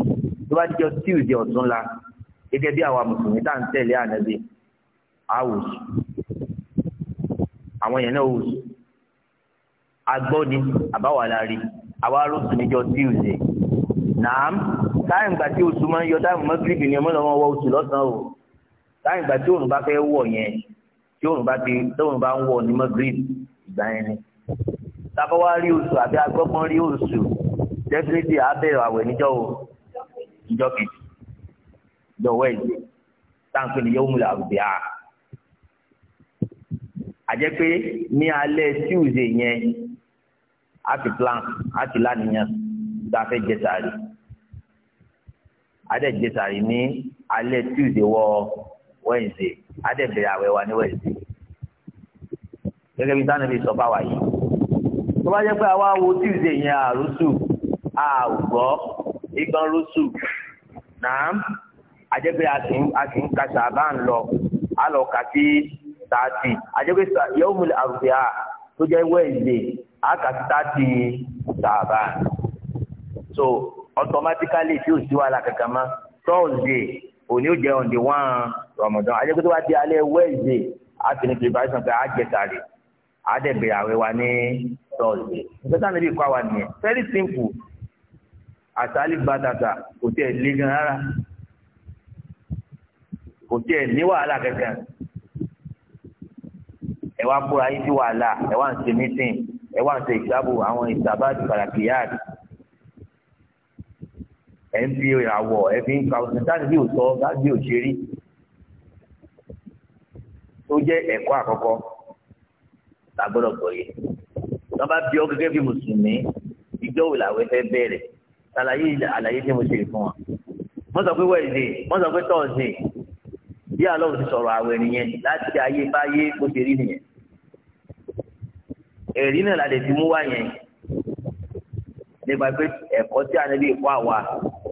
tó bá dijọ́ tuesday ọ̀túnla gẹ́gẹ́ bí àwa mùsùlùmí tá à ń tẹ̀lé ànábì àwòsù àwọn yẹn náà wòsù agbọ́ni àbáwá àwa rò sùn níjọ́ tuesday nàám táyìn gbà tí oṣù máa ń yọ táyìn mọ́gírìbì ni ọmọ lọ́wọ́ wọ oṣù lọ́sàn o táyìn gbà tí òòrùn bá fẹ́ wọ̀ yẹn tí òòrùn bá ti tóòrùn bá ń wọ̀ ní mọ́gírìbì ìgbà yẹn ni. tábà wá rí oṣù àbí agbọ́gbọ́n rí oṣù definitely abẹ́rẹ́ àwẹ̀ níjọ́ o níjọ́ kejì níjọ́ wẹ́ẹ̀dì táǹpẹ́ ni yóò múlẹ̀ àrùbí à. àjẹ́ pé ní alẹ́ Tuesday yẹn á ti plan á ti láníyàn gbàfẹ́ jẹ sàárì adẹ́jẹ sàrí ní alẹ́ tuesday wọ wednesday adẹ́bẹ̀rẹ̀ àwẹ̀ wa ní wednesday gẹ́gẹ́ bí sanabi sọ bá wà yìí tó bá jẹ́ pé àwa wo tuesday yẹn àrùsù àgbọ̀ igan rùsù náà àjẹpẹ́ àti ń kàṣà bá ń lọ alọ kàti tààtì àjẹpẹ́ yawmul àrùbíà tó jẹ́ wednesday àkàtì tààtì sàbà so automatically tí ò sí wàhálà kankan mọ́ Thursday òní ó jẹ on the one Ramadan ajẹ́ pé tó bá di alẹ́ Wednesday á ti preparation pé á jẹ sàrè á dẹ̀ bẹ̀rẹ̀ àwẹ̀ wa ní Thursday nígbà táwọn ẹbí kọ́ àwa very simple àtàlí gbàdàgbà kò tiẹ̀ le gan rárá kò tiẹ̀ ní wàhálà kankan ẹ wá kóra yín sí wàhálà ẹ wá ń ṣe meeting ẹ wá ń ṣe ìjábọ̀ àwọn ìsàbàdì kàràkìyàdì ẹ̀ ń fi ìràwọ̀ ẹ̀ fi ń ka oṣù táàdì bí òtọ́ táàdì bí òṣèré tó jẹ́ ẹ̀kọ́ àkọ́kọ́ la gbọ́dọ̀ wọ́n bá bí ọ gẹ́gẹ́ bí mùsùlùmí ìjọ wò làwọn fẹ́ bẹ̀rẹ̀ ṣàlàyé àlàyé tí mo ṣe fún wa wọ́n sọ pé wẹ́ẹ̀dẹ̀ wọ́n sọ pé tọ́ọ̀sì bí àlọ́wọ́ ti sọ̀rọ̀ àwẹ̀ nìyẹn láti ayé báyé bó ṣe rí nìyẹn èrí náà la lè fi mú wá yẹn nípa pé ẹ̀kọ́ tí a níbi ìkọ́ àwa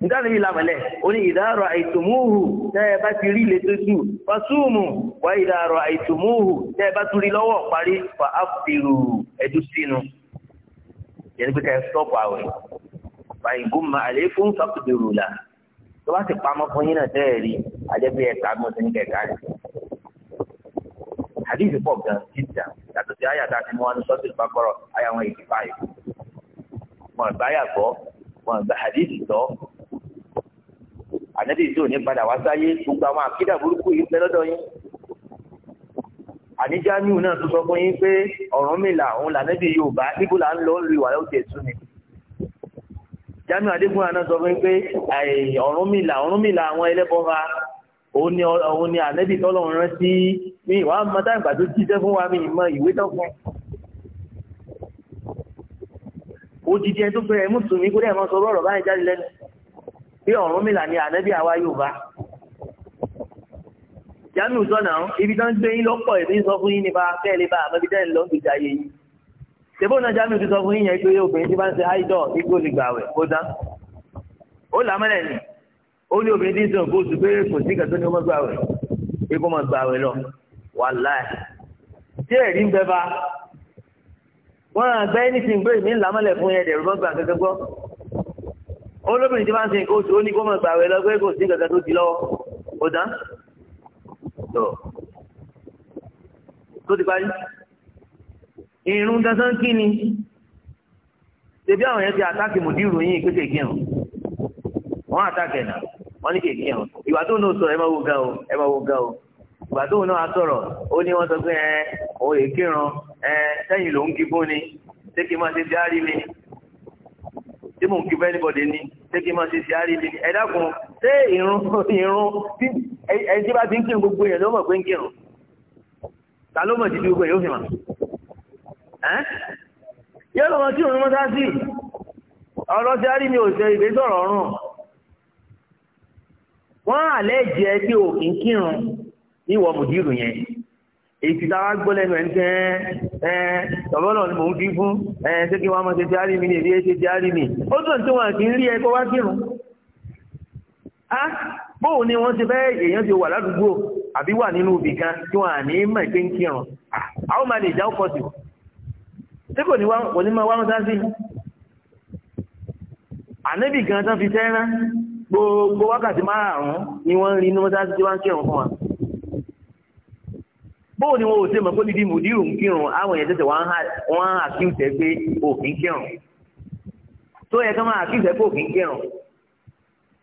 nítorí bí lamẹ̀lẹ̀ ó ní ìdárọ̀ àìtòmóhù tẹ́ẹ̀ bá ti rí ilé tó sù fàṣùmù wá ìdárọ̀ àìtòmóhù tẹ́ẹ̀ bá tún rí lọ́wọ́ parí fà áfìrù ẹ̀dú sínú yẹn pé kẹ́ẹ̀ sọ́ọ̀pù àwẹ̀ fàyìngùnmá àlẹ́ fún fàkùdèrò là tó bá ti pamọ́ fún yín náà tẹ́ẹ̀ rí àjẹbí ẹ̀ka gbọ́n sí ní kẹ̀kẹ́ rẹ̀ àdìsí pọ̀ gan títà yàtọ̀ sí àyàtà tí wọ́n sọ́ọ̀tì pàkọ́rọ̀ àyàwọn wọn ànábì tí ò ní padà wá sáyé gbogbo àwọn àkídà burúkú yìí pẹ́ lọ́dọ̀ yín àní Jamiu náà tó sọ fún yín pé Ọ̀rúnmìlà òun lànàbì Yorùbá níbo là ń lọ lu ìwà lóde ẹ̀sùn ni Jamiu Adékúnlá náà sọ fún yín pé Ọ̀rúnmìlà Ọ̀rúnmìlà àwọn ẹlẹ́bọ̀nra òun ni òun ni ànẹ́bí tọ́lọ́run rán sí mi ìwà mọ́tà ìgbà tó jíṣẹ́ fún wa mi ìmọ̀ ìwé tán fún odidi ẹni tó fẹ́ ẹ mùsùlùmí kó dẹ̀ mọ́ sọ ọ̀rọ̀ báyìí jáde lẹ́nu bí Ọ̀rúnmìlà ni ànábì àwa Yorùbá yánú sọ̀nà ibi tó ń gbé yín lọ́pọ̀ ìbí sọ fún yín nípa kẹ́lẹ́ bá àmọ́ ibi tẹ́ ń lọ ń gbèjà yé yín ṣèbó náà jámi ti sọ fún yín yẹn pé obìnrin tí bá ń ṣe áìdọ̀ igbó lè gbàwẹ̀ kó dán ó là mọ́lẹ̀ ni ó ní obìnrin tí ń sọ nǹkan oṣù pé kò sí kẹtọ́ ni ó mọ́ gbàwẹ̀ pé kó mọ́ gbàwẹ̀ lọ wàláì tí ẹ̀rí ń bẹ bá wọ́n àgbẹ́ ní ti ń gbé ìmí olóbìnrin tí máa ń ṣe nǹkan oṣù ó ní kó máa gbàwé lọ pé kò sí nǹkan kan tó di lọ́wọ́ ó dán tó tó ti parí irun dandan kí ni ṣebí àwọn yẹn ti àtàkì mùdírù yín pé kéèké hàn wọn àtàkì ẹ̀nà wọn ní kéèké hàn ìwà tó náà sọ ẹ máa wo gan o ẹ máa wo gan o ìgbà tó náà sọ̀rọ̀ ó ní wọ́n sọ pé ẹ òye kíran ẹ sẹ́yìn ló ń kíkún ni ṣé kí n máa ṣe diárí mi tí mò ń kí any ní tí kí máa ṣe sí àárí ilé ẹ dákun tí gbogbo èèyàn ló mọ̀ ta ló mọ̀ títí gbogbo èèyàn ó fi mọ̀ ẹ́ yóò lọ́mọ tí òun mi yẹn èsì táwa gbọ́lẹ̀ mẹ́ ń tẹ́ ẹ́ ọ̀bọ́lọ̀ ni mò ń kí fún ẹ́ ṣé kí wọ́n mọ̀ ṣe ti àárín mi nìyẹn ṣe ti àárín mi ó dùn tí wọ́n kì í rí ẹ kó wá kírun. á bóun ni wọ́n ti fẹ́ èèyàn ti wà ládùúgbò àbí wà nínú ibì kan tí wọ́n à ní mọ̀ pé ń kírun àwọn máa lè já ọkọ̀ sí. ṣé kò ní wá wọn sá ànẹ́bì gan tán fi sẹ́rán gbogbo wákàtí márùn-ún ni wọ́n ń rí inú mọ́sáàsì tí wọ́n ń kírun fún wa. bóò ni wọn ò ṣe mọ̀ pé níbi mùdírù ń kírun àwọn èèyàn tẹ̀sẹ̀ wọ́n á àkíyèsẹ̀ pé òkín kírun tó yẹ ká máa àkíyèsẹ̀ pé òkín kírun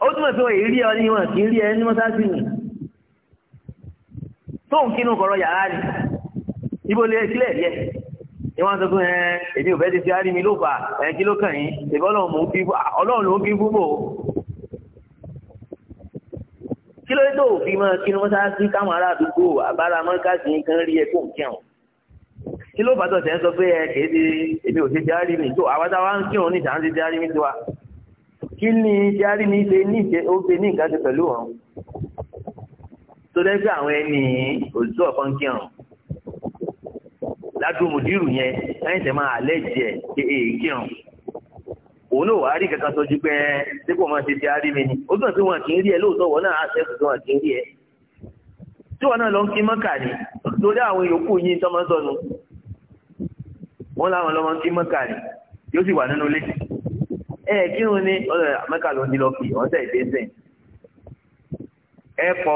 ó túmọ̀ pé wọ́n èrí ọ ní wọn kì í rí ni ibo lè sílẹ̀ ni sọ pé èmi ò fẹ́ ti fi ló fà kí ló kí ló dé tó fi máa kí ni wọ́n sáá sí káwọn ará àdúgbò àbára mọ́kàsí kan rí ẹ kó ń kẹ́hùn kí ló bàtọ̀ tẹ́ ń sọ pé ẹ kéde èmi ò ṣe járí mi tó àwọn táwa ń kírun ní ìjà ń ṣe járí mi tiwa kí ni járí mi ṣe ní ìṣe ó ṣe ní nǹkan ṣe pẹ̀lú ọ̀run tó lẹ́gbẹ́ àwọn ẹni òṣìṣẹ́ ọ̀kan kírun ládùúmùdírù yẹn lẹ́yìn tẹ́ máa àlẹ́ kírun òun náà wàá rí kankan sọjú pé dípò máa ṣe ti arí mi ni ó gbọ́n pé wọn kì í rí ẹ lóòótọ́ wọn náà àṣẹ́kù tí wọn kì í rí ẹ tí wọn náà lọ ń kí mọ́kà ni torí àwọn yòókù yín tọ́mọ sọnù wọn láwọn lọ́mọ ń kí mọ́kà ni yóò sì wà nínú ilé ẹ kírun ní ọ̀rọ̀ mẹ́kà ló ń lọ kì ọ̀sẹ̀ ìdẹ́sẹ̀ ẹ kọ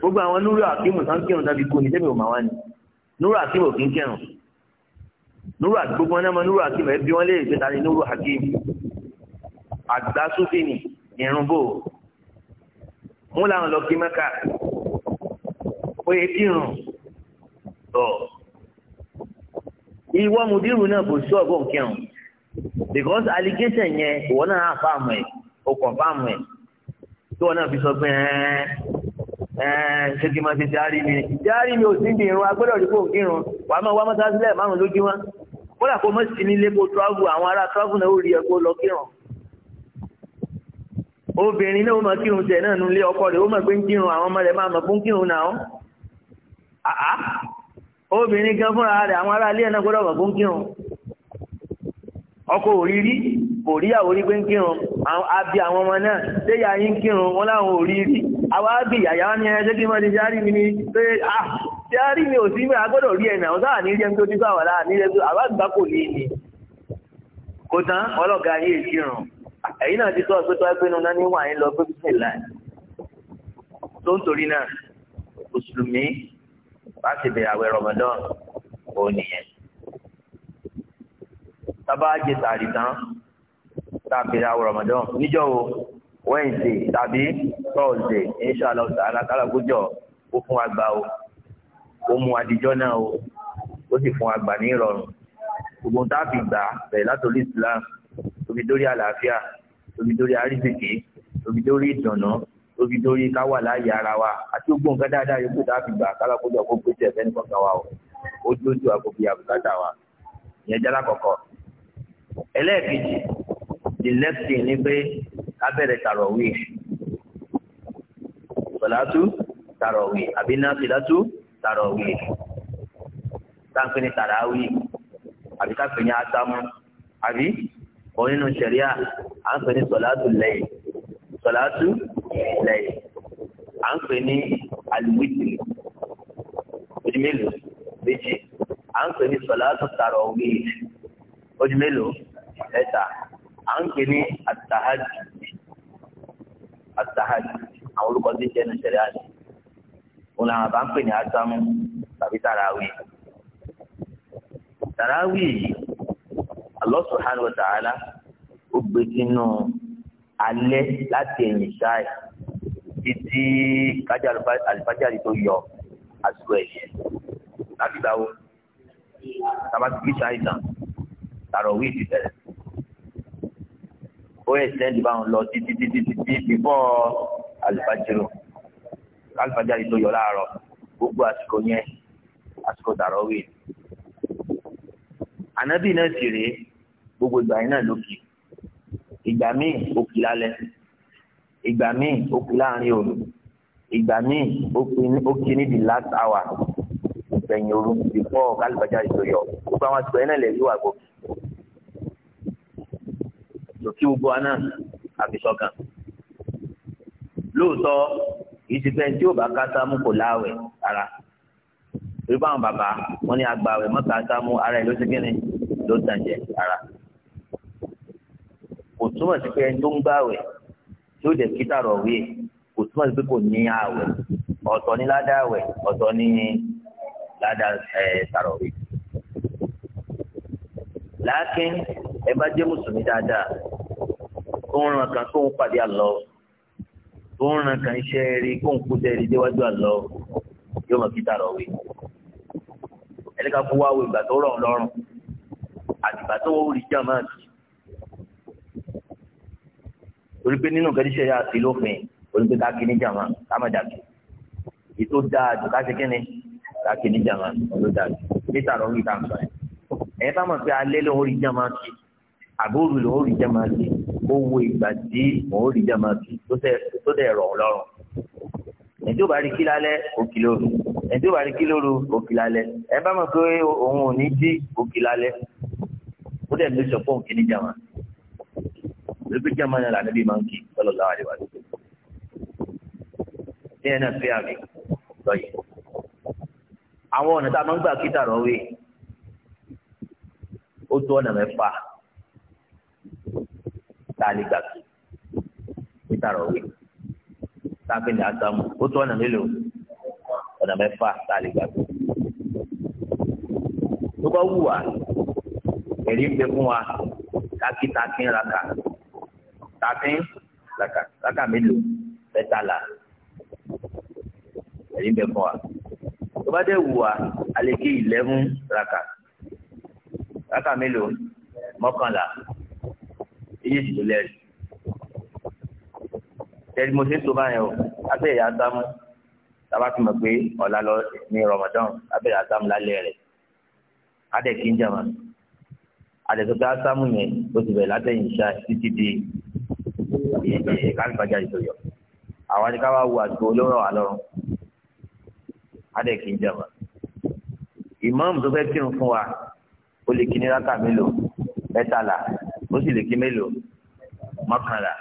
gbogbo àwọn núrò àkímù tán tàbí kú ni tẹ́mi ò máa wá ni núrò àkímù kì í kírun nuru àti gbogbo wọn náà mọ nuru hakim ẹ bí wọn lè gbé ta ni nuru hakim àgbà sófìnì irun bò wọn làwọn lọ kí mẹka ó yẹ kírun tọ ìwọ mudiru náà kò sí ọgbọn kírun because allegation yẹn ìwọ náà á fáàmù ẹ o kàn fáàmù ẹ tí wọn náà fi sọ pé ẹ ẹ ṣé kí n máa ṣe járí mi járí mi ò sí ibi irun agbọ́dọ̀ rí kó kírun wàá máa wá mọ́tàsílẹ̀ márùn lójúmọ́ kódà kó mọ̀ sí nílé kó travel àwọn ará travel náà ó rí ẹ kó lọ kírun obìnrin náà ó mọ kírun tẹ̀ náà nulẹ̀ ọkọ rẹ̀ ó mọ̀ pé ń kírun àwọn ọmọ rẹ̀ máa mọ̀ fún kírun náà àá obìnrin gan fúnra rẹ̀ àwọn ará ilé ẹ̀ náà gbọ́dọ̀ mọ̀ fún kírun ọkọ òrírí kò rí àwọn orí pé ń kírun àbí àwọn ọmọ náà ṣé yàá yín kírun wọn láwọn òrírí àwa bí yàyà wọn ni ẹ ṣé kí wọn ti ṣáárì mi ni pé ah tí a rí mi ò sí mi àgbọ́dọ̀ rí ẹ̀nà ọ̀sá àní rí ẹni tó ti sáwà láà ní ẹni tó àbágbá kò ní ní kò tán ọlọ́gá yé ìṣirùn ẹ̀yìn náà ti sọ pé tó ẹgbẹ́ náà ní wàá lọ pé bísí ìlà tó ń torí náà mùsùlùmí láti bẹ̀rẹ̀ àwẹ̀ Ramadan ò nìyẹn tábà jẹ tààrí tán tábìrì àwẹ̀ Ramadan níjọ́ wo Wednesday tàbí Thursday inshallah ta'ala kálá kójọ ó fún wa gbà o ó mú adijọ́ náà o ó sì fún agbà ní ìrọ̀rùn gbogbo tá a fi gbà bẹ̀rẹ̀ látòrí Islam tóbi dórí àlàáfíà tóbi dórí àrísìkí tóbi dórí ìdùnnú tóbi dórí káwà láàyè ara wa àti gbogbo nǹkan dáadáa yòókù tá a fi gbà kálákójọ kó pété ẹ̀fẹ́ nìkan kan wa o ó dójú àkókò àbùkátà wa ìyẹn jẹ́ lákọ̀ọ́kọ́ ẹlẹ́ẹ̀kejì the next thing ni pé abẹ́rẹ́ tàrọ̀wì sọ̀látú tàrọ̀wì àbí náà sílátú tarawí táǹpé ní tarawí àbí káfí ní asámú àbí òun nínú sẹ̀ríà à ń pè ní sọ̀láàtù lẹ́yìn sọ̀láàtù lẹ́yìn à ń pè ní aliwítìrì ojú mélòó méjì à ń pè ní sọ̀láàtù tarawí ojú òun làwọn bá ń pè ní asámú tàbí tàràwì tàràwì yìí Allah subhanahu wa ta'ala ó gbé sínú alẹ́ láti ẹ̀yìn ṣáì títí kájà àlùfájàre tó yọ àsìkò ẹ̀yẹ láti dáwó tabatiki ṣáì tán tàràwì ti bẹ̀rẹ̀ ó ẹ̀sẹ̀ ń dìbò àwọn lọ títí títí títí bíbọ̀ àlùfájàre alifajari tó yọ láàárọ̀ gbogbo àsìkò yẹn àsìkò tàràwí ànábì náà sì rèé gbogbo ìgbà yẹn náà lókì ìgbà míì ó kì lálẹ́ ìgbà míì ó kì láàrin òru ìgbà míì ó kì ní the last hour ìgbẹ̀yìn òru before alifajari tó yọ gbogbo àwọn àsìkò yẹn náà lè yí wà gbòkì lókì gbogbo àná àfisọ́kàn lóòótọ́ kì í ti pẹ́ tí ò bá ká sámú kò láwẹ̀ ara torí báwọn bàbá wọn ní agbáwẹ̀ mọ́ ká sámú ara ẹ̀ ló ti kíni ló tàn jẹ ara kò túmọ̀ sí pé ẹni tó ń gbáwẹ̀ tí ó dẹ̀ kí tààrọ̀ wí kò túmọ̀ sí pé kò ní àwẹ̀ ọ̀tọ̀ ní ládàáwẹ̀ ọ̀tọ̀ ní ládà ẹ̀ tààrọ̀ wí. láàkín ẹ bá jẹ́ mùsùlùmí dáadáa kó ń ràn kan kó ń pàdé Allah ó ń ran kàn iṣẹ́ rí kó ń kó dẹ́rì déwájú àlọ́ yóò mọ̀ kíta lọ wí. ẹni ká kó wá wo ìgbà tó rọ̀ lọ́rùn àtìgbà tó wọ́n rí jàmá sí. torí pé nínú nǹkan iṣẹ́ yà sí lófin olùgbé ká kí ní jàmá ká má dàbí. ètò dáa jù ká ṣe kíni ká kí ní jàmá ló dáa jù níta lọ wí ìta ń yẹn. ẹ̀yin bá mọ̀ pé alẹ́ ló rí jàmá sí àbóòrù ló ń rí jàmá sí ó wo ìgbà tí òun rí jàmá kí tó dẹ̀ rọ̀ lọ́rùn ẹni tó bá rí kí lálẹ́ ó kí lóru ẹni tó bá rí kí lóru ó kí lálẹ́ ẹ bá mọ̀ pé òun ò ní jí ó kí lálẹ́ ó dẹ̀ ló sọ fún òun kí ní jàmá lórí jàmá náà lànà bí máa ń kí sallallahu alaihi wa sallam ní ẹ̀ náà fẹ́ àmì lọ́yẹ̀ àwọn ọ̀nà tá a máa ń gbà kí tààrọ̀ wé ó tó ọ̀nà mẹ́fà tani gbàgbé níta rọ̀ wí tábí ní asamu ó tó ọ̀nà mélòó ọ̀nà mẹ́fà tani gbàgbé. tó bá wù wá ẹ̀rí ń bẹ fún wa kákí takin raka takin raka raka mélòó mẹ́tàlá ẹ̀rí ń bẹ fún wa tó bá dẹ̀ wù wá alẹ́ kí eleven raka raka mélòó mọ́kànlá méjèèjì ló lẹ́rìí tẹ́lẹ̀ mo ṣe ń tó báyẹn o abẹ́ ìyá sámú tábà fi mọ̀ pé ọ̀la lọ ní Ramadan abẹ́ ìyá sámú lálẹ́ rẹ̀ adẹ̀ kí n jàmá adẹ̀ tó ká sámú yẹn o ti bẹ̀rẹ̀ látẹ̀yìn iṣẹ́ títí di kálífàjà ìtòyọ̀ àwọn ni ká wá wo àti olóró wa lọ́rùn adẹ̀ kí n jàmá tó fẹ́ kírun fún wa o lè kí ní rákà mélòó mẹ́tàlá ó sì lè kí mélòó mọ́kànlá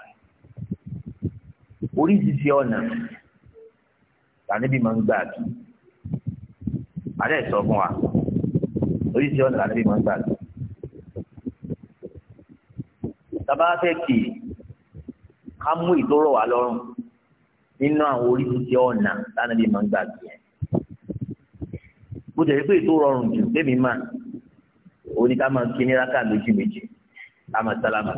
oríṣiríṣi ọ̀nà tàníbi máa ń gbà kí alẹ́ sọ fún wa oríṣiríṣi ọ̀nà tàníbi máa ń gbà kí tábà fẹ́ kì í ká mú ìtòrọ̀ wá lọ́rùn nínú àwọn oríṣiríṣi ọ̀nà tàníbi máa ń gbà kí ẹ̀ bó tẹ̀lé pé ètò rọrùn jù débi máa oníkà kí ní rákà méjì méjì ama sálámà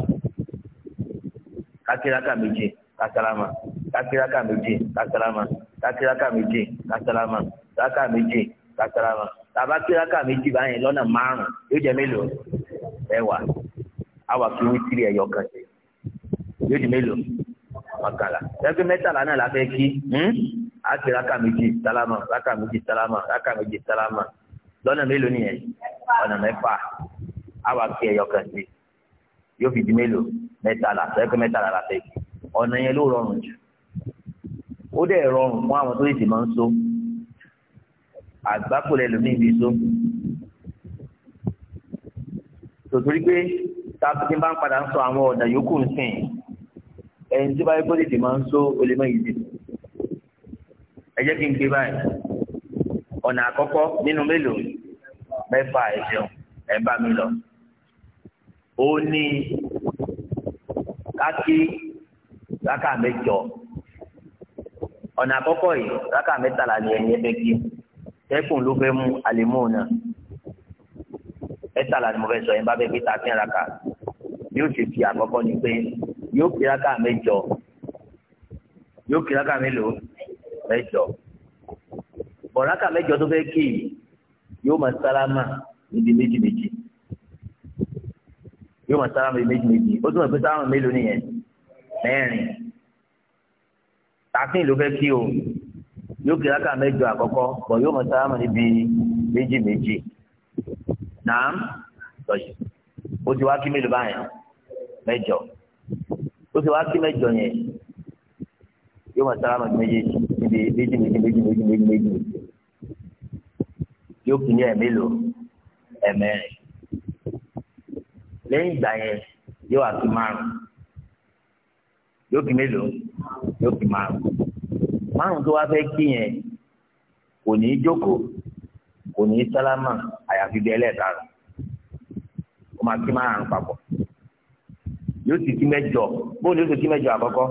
kakiraka méje kasalama kakiraka méje kasalama kakiraka méje kasalama raka méje kasalama tàbá kiraka méje báyìí lọ́nà márùn yóò jẹ mélòó ẹwà awa fi wítìrì ẹ̀yọ kan sí yóò di mélòó makala ẹgbẹ́ mẹ́tàlá náà la fẹ́ kí àti hmm? raka méje sálámà raka méje sálámà raka méje sálámà lọ́nà mélòó nìyẹn ọ̀nà mẹ́fà awa fi ẹ̀yọ kan sí yóò fi di mélòó mẹ́tàlá sẹ́kẹ́ mẹ́tàlá la fẹ́ ọ̀nà yẹn ló rọrùn jù ó dẹ̀ rọrùn fún àwọn tó sì máa ń so àgbákò lẹ lómi ìbí so tòtòrí pé tábìlì bá ń padà ń sọ àwọn ọ̀nà yòókù ń sìn ẹni tó bá yẹ kó tètè máa ń so ó lè má yìí dìbò ẹ jẹ́ kí n gbé báyìí ọ̀nà àkọ́kọ́ nínú mélòó mẹ́fà ẹ̀jẹ̀un ẹ̀ bá mi lọ ó ní kákí rákà mẹ́jọ ọ̀nà àkọ́kọ́ yìí rákà mẹ́tàlá ni ẹ̀yìn ẹ̀fẹ́ kí tẹ́kùn ló fẹ́ mú àlèmọ́ náà mẹ́tàlá ni mo fẹ́ sọ yẹn bá fẹ́ pé tàbí rákà yóò ṣe fi àkọ́kọ́ ni pé yóò kí rákà mẹ́jọ yóò kí rákà mélòó mẹ́jọ bọ̀ rákà mẹ́jọ tó fẹ́ kí yóò máa sálámà níbi méjì méjì yóò mọ sálámù méjì méjì ó túmọ̀ pé sálámù mélòó nìyẹn mẹ́rin tààfin ló fẹ́ kí o yóò kí lákà mẹ́jọ àkọ́kọ́ bọ̀ yóò mọ sálámù níbi méjì méjì náà lọ́yìn ó ti wá kí mélòó báyìí mẹ́jọ ó ti wá kí mẹ́jọ yẹn yóò mọ sálámù méjèèjì níbi méjì méjì méjì méjì méjì méjì yóò kí ní ẹ̀mélòó ẹ̀mẹ́rin lẹ́yìn ìgbà yẹn yóò wá kí márùn yóò kí mélòó yóò kí márùn márùn tó wá fẹ́ kí yẹn kò ní í jókòó kò ní í sálámà àyàfi bí ẹlẹ́ẹ̀karùn ó máa kí márùn papọ̀ yóò ti kí mẹ́jọ bóun yóò ti kí mẹ́jọ àkọ́kọ́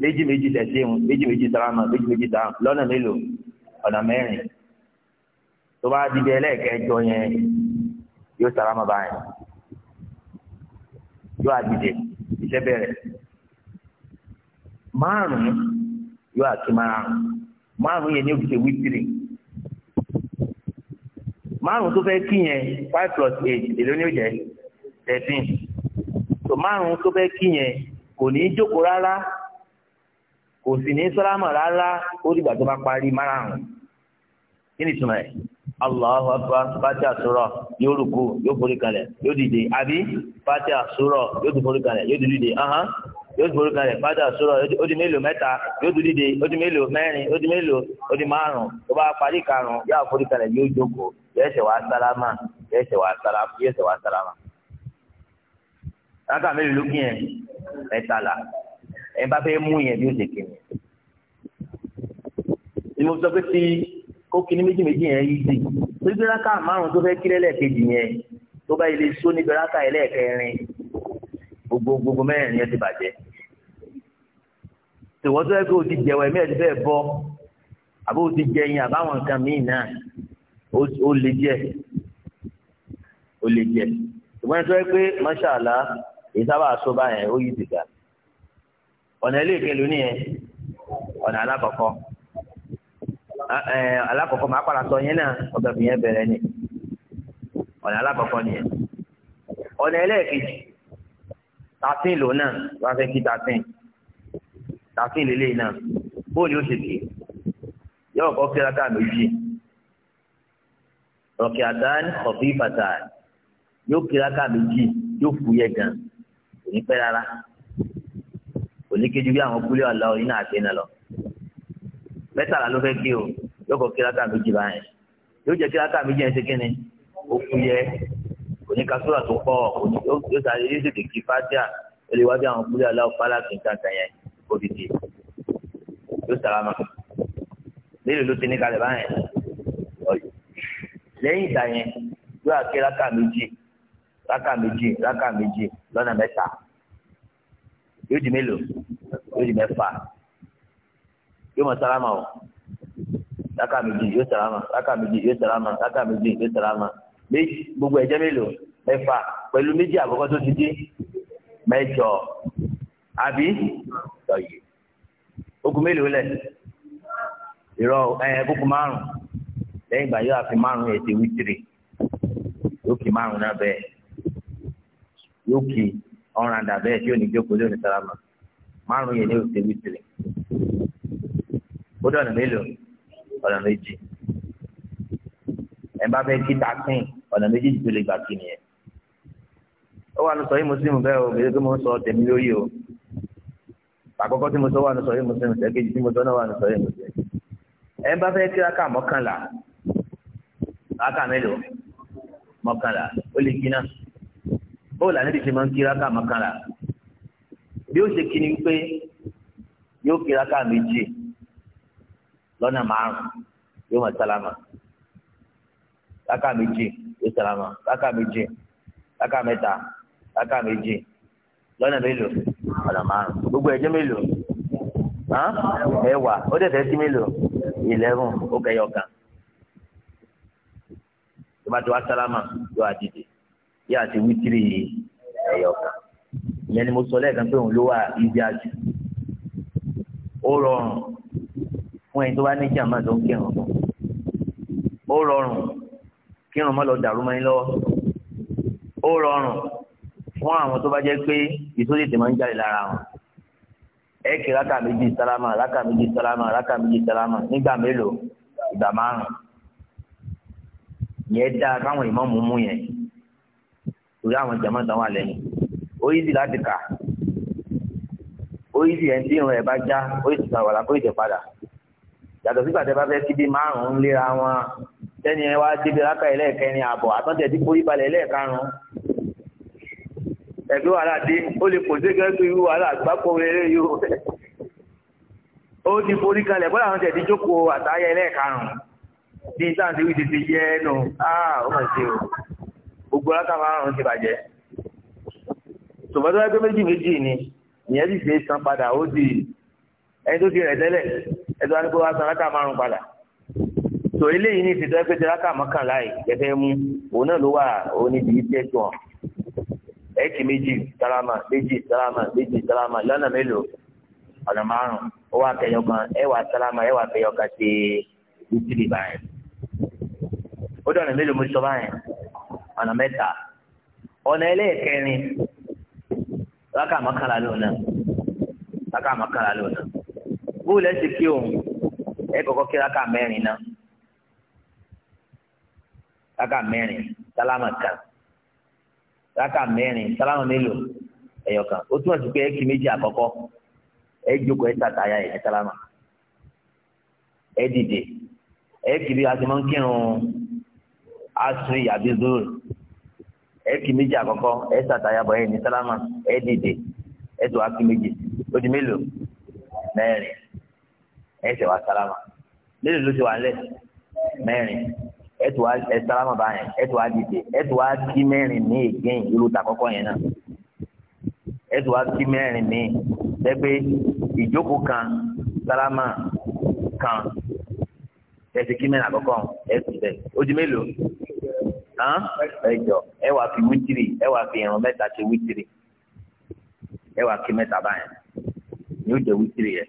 méjì méjì tẹ̀síhun méjì méjì sálámà méjì méjì sálámà lọ́nà mélòó ọ̀nà mẹ́rin tó bá di bí ẹlẹ́ẹ̀kẹjọ yẹn yóò sálámà báyìí. yóò àdìde iṣẹ́ bẹ̀rẹ̀ márùn-ún yóò àtúmọ̀ra márùn-ún yẹn ní òkè wítìrì márùn-ún tó fẹ́ kí yẹn five plus eight ni ó jẹ thirteen so márùn tó fẹ́ kí kò ní í jókòó kò sì ní sọ́lámọ̀ rárá ó dìgbà tó bá parí márùn-ún Allahu akbar fati asúrọ̀ yóò rúkú yóò forí kalẹ̀ yóò dìde àbí fati asúrọ̀ yóò forí kalẹ̀ yóò tún dìde ahán yóò forí kalẹ̀ fati asúrọ̀ ó di mélòó mẹta yóò tún dìde ó di mélòó mẹ́rin ó di mélòó di márùn bá parí karùn kó kíní méjì méjì yẹn yí sí torí pé rákà márùn tó fẹ́ kílẹ̀ lẹ́ẹ̀kejì yẹn tó bá ilé só níbi rákà ẹlẹ́ẹ̀kẹrin gbogbo gbogbo mẹ́rin yẹn ti bàjẹ́ tòwọ́n tó yẹ kó o ti jẹ̀wọ́ ẹ̀mí ẹ̀ ti fẹ́ bọ́ àbó o ti jẹyìn àbáwọn nǹkan míì náà ó lè jẹ ó lè jẹ ṣùgbọ́n ẹni tó yẹ pé mọ́ṣáàlá èyí sábà sọ báyẹn ó yí ti dà ọ̀nà ilé ìkẹlẹ́ oníyẹn ọ̀nà alákọ̀ọ́kọ́ alákọ̀ọ́kọ́ máa padà sọ yẹn náà ọ̀dọ̀ fi yẹn bẹ̀rẹ̀ ni ọ̀nà alákọ̀ọ́kọ́ nìyẹn ọ̀nà ẹlẹ́ẹ̀kejì tààtìn lò náà wọ́n á fẹ́ kí tààtìn tààtìn lélẹ̀ o bóòlù ó ṣe kì yóò kọ́ kí aká méjì ọ̀kẹ́ àtàn ọ̀fìn ìfàtà yóò kí aká méjì yóò fúyẹ́ gan kò ní pẹ́ rárá kò ní kéjú bí àwọn kúlẹ̀ ọ̀la ọ̀yìn náà àti ẹ̀ náà lọ mẹ́tàlá ló fẹ́ kí o yóò kọ́ kíláta méjì báyìí yóò jẹ́ kíláta méjì yẹn ṣe kí ni ó kú yẹ oníkasúrà tó pọ̀ òní yóò sáré yóò tètè kí fájà olùwádìí àwọn kúlẹ̀ aláwọ̀ fálà kì í kàkà yẹn òdìdí yóò sàlámà léèrè ló ti ní kalẹ̀ báyìí lẹ́yìn ìgbà yẹn yóò àké rákà méjì rákà méjì rákà méjì lọ́nà mẹ́ta yóò di mélòó yóò di mẹ́fà yóò mọ sálámà o rákà méjì yóò sálámà rákà méjì yóò sálámà rákà méjì yóò sálámà gbogbo ẹjẹ mélòó mẹ́fà pẹ̀lú méjì àkọ́kọ́ tó ti dé mẹjọ àbí lọ́yẹ̀ ogun mélòó ịrọ ọgụgụ ẹ̀ kókó márùn lẹ́yìn ìgbà yóò àfi márùn ẹ̀ yóò márùn náà yóò tí ní jókòó sálámà márùn ó dọ̀nà mélòó ọ̀nà méjì ẹ̀ bá fẹ́ kí takin ọ̀nà méjì tó lè gbà kí nìyẹn ó wà lọ sọ yìí muslim bẹ́ẹ̀ o bẹ́ẹ̀ tó mo sọ tèmi lórí o àkọ́kọ́ tí mo sọ wà lọ sọ yìí muslim sẹ́kẹ́jì tí mo sọ náà wà lọ sọ yìí muslim ẹ bá fẹ́ kí raka mọ́kànlá raka mélòó mọ́kànlá ó lè kí náà bó làní ti ṣe máa ń kí raka mọ́kànlá bí ó ṣe kí ni pé yóò kí raka méjì lọ́nà márùn yóò máa sálámà rákà méjì yóò sálámà rákà méjì rákà mẹ́ta rákà méjì lọ́nà mélòó ọ̀nà márùn gbogbo ẹ̀jẹ̀ mélòó ẹ̀wà ó dẹ̀ fẹ́ sí mélòó eleven ó kẹyọ kan tó bá ti wá sálámà yóò àdìdì yóò àti wítírì ẹ̀yọ kan ìyẹn ni mo sọ lẹ́ẹ̀kan pé òun ló wà ibi àjù ó rọrùn. fún ẹni tó bá ní jàmá tó ń kírun fún ó rọrùn kírun má dàrú ó rọrùn fún àwọn tó bá jẹ́ pé ìsódìtì máa ń jáde lára wọn ẹ kí rákà méjì sálámà rákà méjì sálámà méjì sálámà nígbà mélòó ìgbà márùn dáa káwọn mú yẹn torí àwọn wà lẹ́yìn ó yí sí láti kà ó yí sí tí bá já ó yí yàtọ̀ sígbà tẹ́ bá fẹ́ síbi márùn-ún léra wọn tẹ́ni ẹ wá débi rákà ẹlẹ́ẹ̀kẹrin àbọ̀ àtọ́tẹ̀ tí forí balẹ̀ ẹlẹ́ẹ̀karùn-ún ẹ̀gbẹ́ wàhálà dé ó lè pòṣé gẹ́gẹ́ irú wàhálà àgbákò rere yóò ó ti forí kalẹ̀ bọ́lá àwọn tẹ̀dí jókòó àtàyẹ ẹlẹ́ẹ̀karùn-ún bí sáǹtì wí ti ti yẹ ẹnu áà ah, ó mọ̀ sí o gbogbo rákà márùn-ún ti bàjẹ́ tòmọ́tò ẹgbẹ́ méjì méjì ni ìyẹn ti fi san padà ó di ẹni tó ti rẹ̀ ẹ̀dọ́ ni kó wá san rákà márùn padà tò eléyìí ní ìfìdọ́ pé ti mọ́kànlá yìí gẹ́gẹ́ mú òun náà ló wà òun ibi iṣẹ́ tó hàn ẹ̀kì méjì sálámà méjì sálámà méjì sálámà lọ́nà mélòó ọ̀nà márùn ó wà kẹyọ kan ẹ wà sálámà ẹ wà kẹyọ kan ṣe ìtìlì báyìí ó dọ̀nà mélòó mo sọ báyìí ọ̀nà mẹ́ta ọ̀nà ẹlẹ́ẹ̀kẹrin mọ́kànlá lónà mọ́kànlá lónà. bóòlù ẹ̀ sì kí òun ẹ kọ́kọ́ kí rákà mẹ́rin náà rákà mẹ́rin sálámà kan sálámà mélòó ẹ̀yọ̀kan ó túmọ̀ sí pé ẹ kí méjì àkọ́kọ́ ẹ jókòó ẹ tàtàyà ẹ sálámà ẹ dìde ẹ kì bí a ti máa ìyàbí zoro ẹ méjì ẹsẹ̀ wa salama. lélẹ̀ ló ti wà lẹ̀ mẹ́rin ẹtù wa ẹ sálámà bá yẹn ẹtù wa dìde ẹtù wa kí mẹ́rin ní again irú ta kọ́kọ́ yẹn náà ẹtù wa kí mẹ́rin ní lẹ́gbẹ́ ìjókòó kan sálámà kan ẹtì kí mẹ́rin àkọ́kọ́ ẹtù bẹ́ẹ̀ ojú mélòó hàn ẹjọ ẹ wàá fi wítìrì ẹ wàá fi ìrun mẹ́ta ṣe wítìrì ẹ wàá kí mẹ́ta báyẹn yóò jẹ wítìrì yẹn.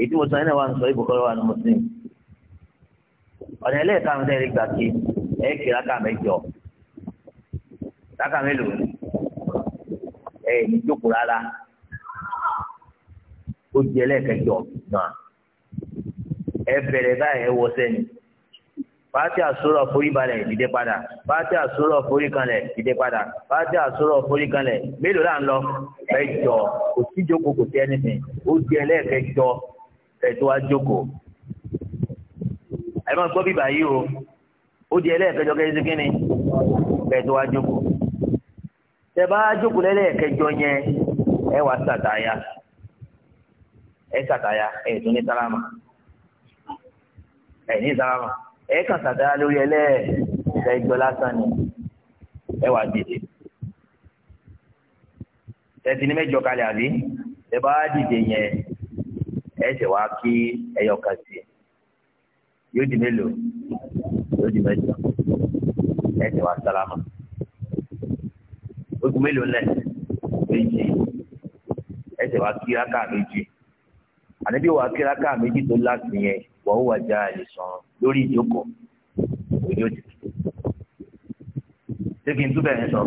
èyí mo sọ yẹn náà wà ń sọ ibùkọ́ wà ní muslim ọ̀nà ẹlẹ́ẹ̀karùn-ún tẹ́lẹ̀ gbà kí ẹ kì rákà mẹ́jọ rákà mélòó ẹ ní jókòó rárá ó di ẹlẹ́ẹ̀kẹjọ náà ẹ bẹ̀rẹ̀ báyìí ẹ wọ sẹ́yìn fàátì àsúrọ̀ foríbalẹ̀ dìde padà fàátì àsúrọ̀ foríkanlẹ̀ dìde padà fàátì àsúrọ̀ foríkanlẹ̀ mélòó là ń lọ ẹjọ kò síjókòó kò sí ẹnìfín ó di ẹlẹ́ẹ̀kẹjọ ẹ̀tọ́ wa jókòó ẹ máa gbọ́ bíbá yìí o ó di ẹlẹ́ẹ̀kẹjọ kẹ́yìn sí kínní ẹ̀tọ́ wa jókòó tẹ bá jókòó lẹ́lẹ́ẹ̀kẹjọ yẹn ẹ wà sàtáyà ẹ sàtáyà ẹ tún ní sálámà ẹ ní sálámà ẹ kàn sàtáyà lórí ẹlẹ́ẹ̀kẹjọ lásán ni ẹ wà dìde ẹ ti mẹ́jọ kalẹ̀ àbí ẹ bá dìde yẹn ẹsẹ̀ wá kí ẹyọ kan sí i yóò di mélòó yóò di mẹ́jọ ẹsẹ̀ wá sálámà ogun mélòó lẹ̀ méjì ẹsẹ̀ wá kí rákà méjì ànábì wá kí rákà méjì tó láti yẹn wọ́n wà já àìsàn lórí ìjókòó òjò ti kì kí n túbẹ̀ yẹn sọ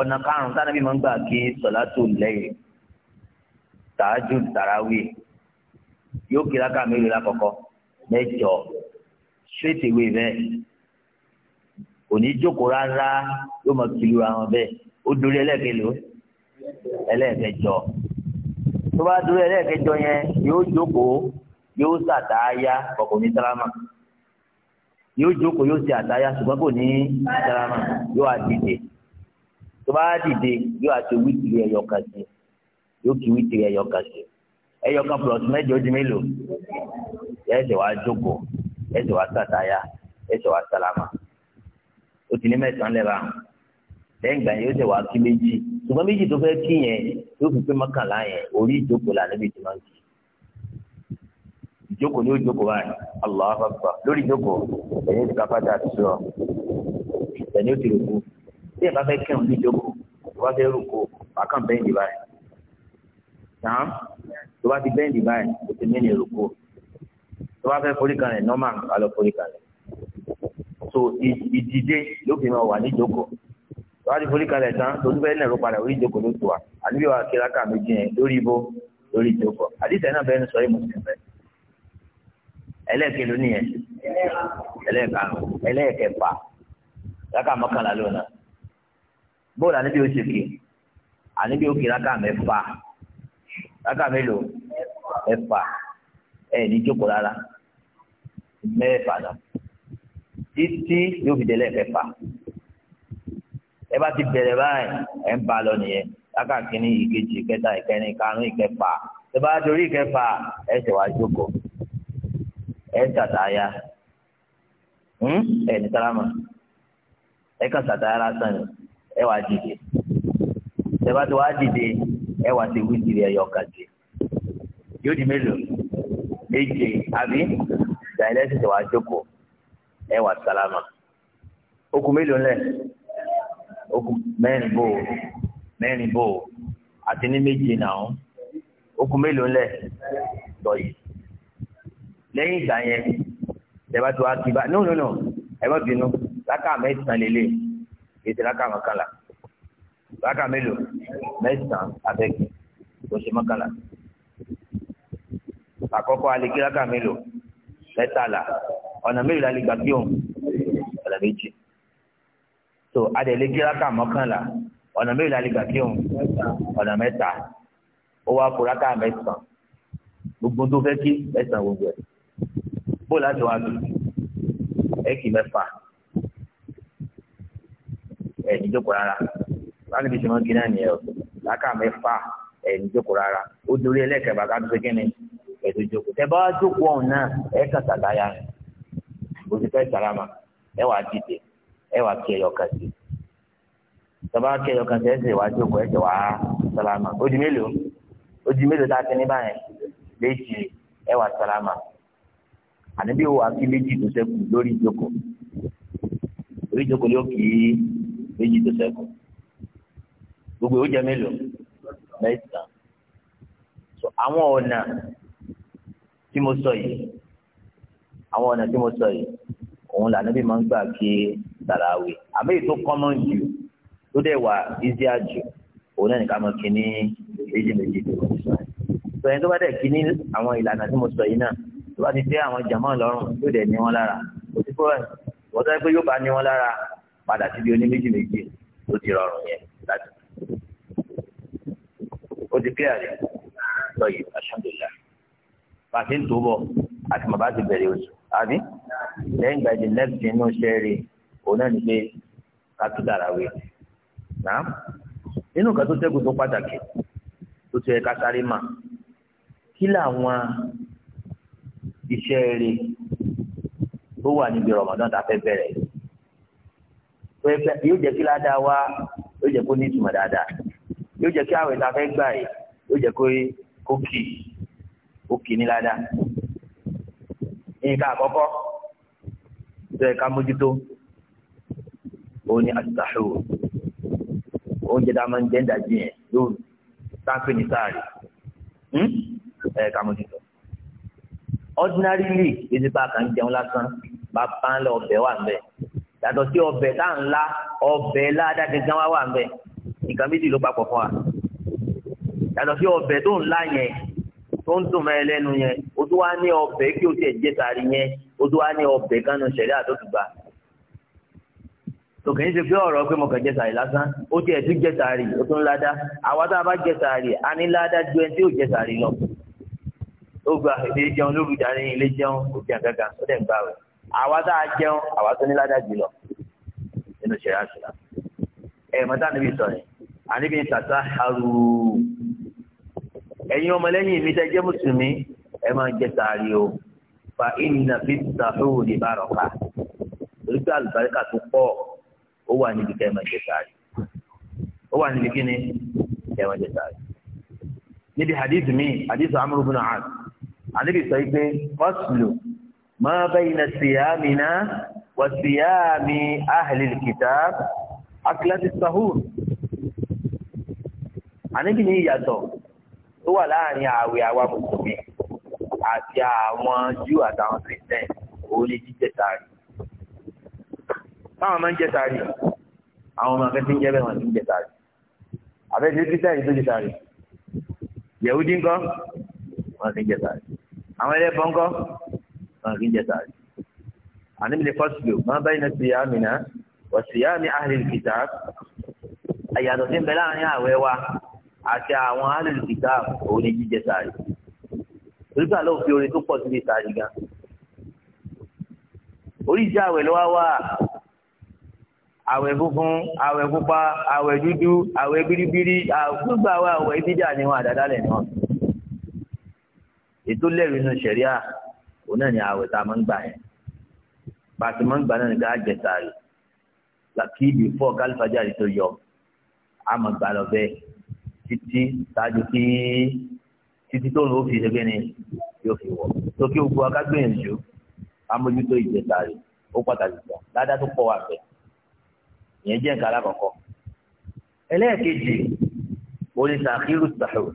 ọ̀nà karùn-ún tí máa ń gbà kí sọ̀lá tó lẹ́yìn tààjú tàràwì yóò kí lákà mélòó lákọ̀ọ́kọ́ mẹ́jọ straight away bẹ́ẹ̀ kò ní jókòó rárá yóò máa kiri àwọn bẹ́ẹ̀ ó dorí ẹlẹ́ẹ̀kẹ́lò ẹlẹ́ẹ̀kẹjọ tó bá dorí ẹlẹ́ẹ̀kẹjọ yẹn yóò jókòó yóò sàtáyà kọ̀kọ́ ní sálámà yóò jókòó yóò ṣe àtáyà ṣùgbọ́n kò ní sálámà yóò àdìde tó bá dìde yóò àti wíìkì ẹ̀yọ̀ kan sí i yóò kí wítìrì ẹyọkan sí ẹyọkan plus mẹ́jọ di mélòó ẹsẹ wàá jókòó ẹsẹ wàá sàtáyà ẹsẹ wàá sálámà ó ti ní mẹ́sàn-án lẹ́ba lẹ́yìn ìgbà yẹn ó ṣe wàá kí méjì ṣùgbọ́n méjì tó fẹ́ kí yẹn yóò fi pé mọ́kànlá yẹn orí ìjókòó là níbi tí wọ́n ń ìjókòó ni ó jókòó báyìí Allahu Akbar lórí ìjókòó ẹ̀yìn ti kápá dà sọ ẹ̀yìn ó ti rò kú bí ẹ̀ bá fẹ́ kírun ní ìjókòó bá rò kú wàá kàn náà tó bá ti bẹ́ǹdì báyìí kò ti mí ní rúkú tó bá fẹ́ forí kan rẹ̀ nọ́mà ká lọ forí kan rẹ̀ so ìdìde ló fi máa wà ní ìjókòó tó bá ti forí kan rẹ̀ tán tó ní bẹ́ẹ̀ lẹ́rọ padà orí ìjókòó ló tó wa àdúgbò wa kí lákà méjì yẹn lórí ibo lórí ìjókòó àdìsẹ́ náà bẹ́ẹ̀ ń sọ èèmù sí bẹ́ẹ̀ ẹlẹ́ẹ̀kẹ́ ló níyẹn ẹlẹ́ẹ̀kẹfà lákà mọ́kànlá lónà bóòlù àníbi ó ṣe kì àníbi ó kì rákà mélòó ẹ̀fà ẹ̀ ní jókòó rárá mẹ́fà náà títí yóò fi délẹ̀ fẹ́fà ẹ bá ti bẹ̀rẹ̀ báyìí ẹ̀ ń ba lọ nìyẹn rákà kínní ìkejì ìkẹta ìkẹrin ìkarùn ìkẹfà ẹ bá torí ìkẹfà ẹ̀ ṣẹ̀ wá jókòó ẹ̀ ń tàtàyà hmm? ẹ̀ ní sálámà ẹ̀ kàn tàtàyà lásán ni ẹ̀ wá dìde ẹ bá ti wá dìde ẹ wá sí wítìrì ẹyọ kàdé yóò di mélòó méje àbí dàìlẹ́sì tẹ̀wá jókòó ẹ wá sálámà okùn mélòó lẹ̀ okùn mẹ́rin bò mẹ́rin bò àti ní méje náà okùn mélòó lẹ̀ lọ́yìí lẹ́yìn ìgbà yẹn tẹ̀bá tó wá kí bá no no no ẹ má bínú lákàmẹ́sàn lélẹ̀ ètò lákàmọ́kànlá. No, no, no rákà mélòó mẹ́sàn-án abẹ́kì kò ṣe mọ́kànlá àkọ́kọ́ alẹ́kí rákà mélòó mẹ́tàlá ọ̀nà mélòó la lè gbà bí òun ọ̀nà méjì so adẹ̀lẹ́kí rákà mọ́kànlá ọ̀nà mélòó la lè gbà bí òun ọ̀nà mẹ́ta ó wá kó rákà mẹ́sàn-án gbogbo tó fẹ́ kí mẹ́sàn-án gbogbo ẹ̀ bó láti wá lò ẹ̀kì mẹ́fà ẹ̀ níjókòó rárá. láti fi ṣùgbọ́n gíná nìyẹn o láká mẹ́fà ẹ̀yìn jókòó rárá ó dorí ẹlẹ́kẹ̀ẹ́ bàbá tó kí ni ẹ̀tọ́ jókòó tẹ bá jókòó ọ̀hún náà ẹ̀ kàn sàdáyà rẹ̀ bó ti fẹ́ sàrámà ẹ wàá dìde kí ẹyọ kan sí tẹ bá kí ẹyọ kan sí sì jókòó sì sàrámà mélòó mélòó tá a ti ní báyẹn sàrámà àníbí wo àfi gbogbo ó jẹ mélòó mẹ́sàn so àwọn ọ̀nà tí mo sọ yìí àwọn ọ̀nà tí mo sọ yìí òun là níbi máa ń gbà kí tàràwì àmì ètò common jù tó dẹ̀ wà easier jù òun náà nìkan máa kí ní méjì méjì tó mo sọ yìí sọ yẹn tó bá dẹ̀ kí ní àwọn ìlànà tí mo sọ yìí náà tó bá ti tẹ́ àwọn jàmọ́ lọ́rùn tó dẹ̀ ní wọn lára kò sí pé wọ́n sọ pé yóò bá ní wọn lára padà síbi oní méjì méjì tó ti rọrùn yẹn láti ti kílẹ̀ rẹ̀ lọ́yẹ̀ alhamdulillah pàṣẹ tó bọ̀ àti bàbá ti bẹ̀rẹ̀ oṣù àbí lẹ́yìn ìgbà ìdè lẹ́bìtì inú iṣẹ́ rẹ̀ òun náà ní pé ká tó dára wé náà nínú nǹkan tó tẹ́kù tó pàtàkì tó tẹ́ ká sáré mà kí làwọn iṣẹ́ rẹ̀ tó wà níbi Ramadan tá a fẹ́ bẹ̀rẹ̀ yóò jẹ́ kí ládàá wá yóò jẹ́ kó ní ìtumọ̀ dáadáa yóò jẹ́ kí àwẹ̀ tá a fẹ́ gbà yìí yóò jẹ́ kó kì í kó kì í ní ládàá nǹkan àkọ́kọ́ tó ká mójútó òun ni àtúntàṣòwò oúnjẹ tá a máa ń jẹ ń dàjí yẹn lóru táǹpì ní sáàrì hmm? ẹ ká mójútó ordinarily ètò ìpá kan jẹun lásán bàbá ńlá ọbẹ̀ wà ń bẹ̀ yàtọ̀ sí ọbẹ̀ tá à ń la ọbẹ̀ ládàá gẹ́gẹ́ wá wà ń bẹ̀ nǹkan méjì ló papọ̀ fún wa yàtọ̀ sí ọbẹ̀ tó ń lá yẹn tó ń dùn mẹ́rin lẹ́nu yẹn o tó wá ní ọbẹ̀ kí o tiẹ̀ jẹ́ sààrì yẹn o tó wá ní ọbẹ̀ kánú ṣẹ̀rí àtọ́tùgbà tòkè ń ṣe pé ọ̀rọ̀ pé mo kàn jẹ sààrì lásán ó tiẹ̀ tún jẹ sààrì ó tún ládá àwa tá a bá jẹ sààrì a ní ládá ju ẹni tí ò jẹ sààrì lọ ó gba ilé jẹun lóru darí ilé jẹun kò jẹ gàgà ó dẹ̀ ń gbà rẹ̀ àwa tá a jẹun àwa tó ní ládá jù lọ nínú ṣẹ̀rí àṣìlá ẹ̀ mọ́tà níbi sọ̀rọ̀ àníbi tàtà haru ẹ̀yin ọmọlẹ́yìn mi tẹ́ jẹ́ mùsùlùmí ẹ máa jẹ sàárì o fa ìnìyàn fi sàfihàn òde bá rọ̀ ká torí pé àlùbáríkà tó pọ̀ ó wà níbi kẹ́ ẹ máa jẹ sàárì ó wà níbi kíni kẹ́ ẹ máa jẹ sàárì níbi hadith mi hadith amúrú bin ahad àníbi sọ pé fọ́sùlù máa bẹ́yìn na siyamina wa siyami ahlil kitab akilasi sahur àníbi ní ìyàtọ̀ tó wà láàrin ààwẹ̀ àwa mùsùlùmí àti àwọn júù àtàwọn kìrìsìtẹ́nì òun ni jíjẹ sàárì táwọn máa ń jẹ sàárì àwọn ọmọ akẹ́tí ń jẹ́ bẹ́ẹ̀ wọn ti ń jẹ sàárì àfẹ́sí kìrìsìtẹ́nì tó jẹ sàárì yẹ̀wúdí ńkọ́ wọn ti ń jẹ sàárì àwọn ẹlẹ́bọ ńkọ́ wọn ti ń jẹ sàárì àníbi ní fọ́sùlù máa bá iná sí àmìnà wọ̀ sí àmì àhìrì kìtà àyàtọ̀ sí ń bẹ láàrin ààwẹ̀ wa àti àwọn alìlùkìtà òun ni jíjẹ sàárì oríkà ló fi orin tó pọ̀ síbi sàárì gan oríṣi àwẹ̀ ló wá wà àwẹ̀ funfun àwẹ̀ pupa àwẹ̀ dúdú àwẹ̀ biribiri gbogbo àwọn àwẹ̀ ìbíjà ni wọn àdádálẹ̀ náà ètò lẹ́rìí inú sẹ̀ríà òun náà ni àwẹ̀ tá a máa ń gbà yẹn pàṣẹ máa ń gbà náà ní ká jẹ sàárì kí ibi fọ́ kálífàjà rí tó yọ àmọ̀ gbà lọ bẹ́ẹ̀ títí ṣáájú kí títí tó ló fi ṣẹgbẹ́ ni yóò fi wọ̀ tó kí gbogbo akágbìyànjú amójútó ìjẹta rẹ̀ ó pàtàkì gbà ládàá tó pọ̀ wà bẹ́ẹ̀ ìyẹn jẹ́ nǹkan alákọ̀ọ́kọ́ ẹlẹ́ẹ̀kejì òní sàkírù sàhùr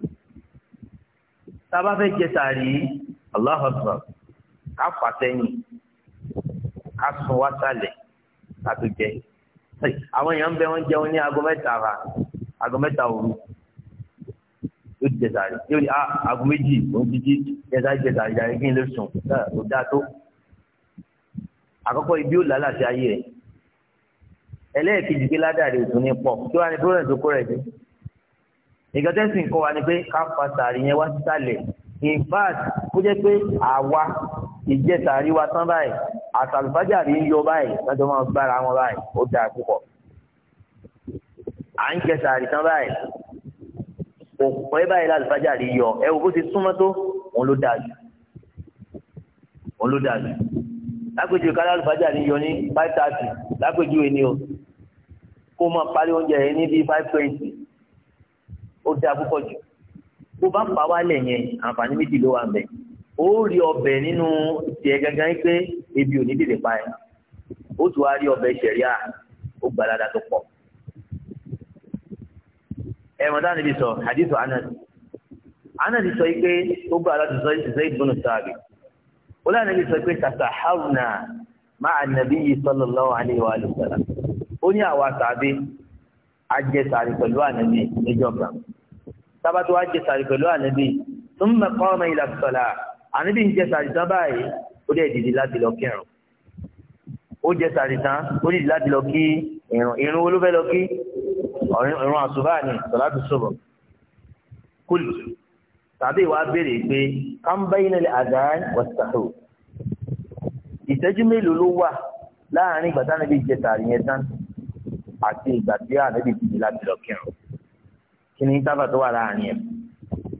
tábà fẹ́ jẹ sàárì Allahu Akbar ká fà sẹ́yìn ká sun wá sálẹ̀ ká tó jẹ àwọn èèyàn ń bẹ wọ́n jẹun ní aago mẹ́ta aago mẹ́ta òru yóò jẹ sàrí yóò ní a ah, aago méjì òun jíjí jẹsà jẹ sàrí jàre kí n lè sùn kò dáa tó àkọ́kọ́ ibi ó lálà sí ayé ẹ̀ ẹlẹ́ẹ̀kejì pé òtún ní pọ̀ kí wàá ní problem tó kó rẹ̀ dé nǹkan tẹ́sí nǹkan wa ni pé ká fa sàrí yẹn wá sísàlẹ̀ in fact kó jẹ́ pé àwa ìjẹ sàrí wa tán báyìí àtàlùfájà rí ń yọ báyìí lọ́jọ́ máa gbára wọn báyìí ó dáa púpọ̀ à ń jẹ tán báyìí òpọ̀ ẹ báyìí lálùfájà rí yọ ẹ wò bó ti súnmọ́ tó òun ló dáa jù òun ló dáa jù lápèjúwe ká lálùfájà rí yọ ní five thirty lápèjúwe ni o kó o máa parí oúnjẹ yẹn ní bíi five twenty ó dáa púpọ̀ jù bó bá pa wálẹ̀ yẹn àǹfààní méjì ló wà mẹ́ ó rí ọbẹ̀ nínú tiẹ̀ gangan pé ebi ò ní dìde pa ẹ̀ ó tún wá rí ọbẹ̀ sẹ̀ríà ó gbàdádà tó pọ̀ ẹ̀wọ̀n dáhùn níbi sọ hadith anas anas sọ pé ó gbọ́ aládùúgbò zayd bin sáàbì ó láwọn níbi sọ pé tasaharna ma'a nabiyyi sallallahu alayhi wa sallam ó ní àwa sàbí ajẹsàrí pẹ̀lú ànábì níjọ́ kan sábàtú ajẹsàrí pẹ̀lú ànábì thumma qama ila salah ànábì ń jẹsàrí tán báyìí ó dẹ̀ dìde láti lọ kírun lọ kí ọ̀run àṣùbà ni sọ̀láàtù ṣùbọ̀ kúlù tàbí ìwà béèrè pé kánbẹ́yìnlẹ̀ àdáyé wọ̀sàhù ìṣẹ́jú mélòó ló wà láàrin ìgbà táwọn ẹbí jẹ tààrí yẹn tán àti ìgbà tí ànábì ti di láti lọ kírun kí ni sábà tó wà láàrin ẹ̀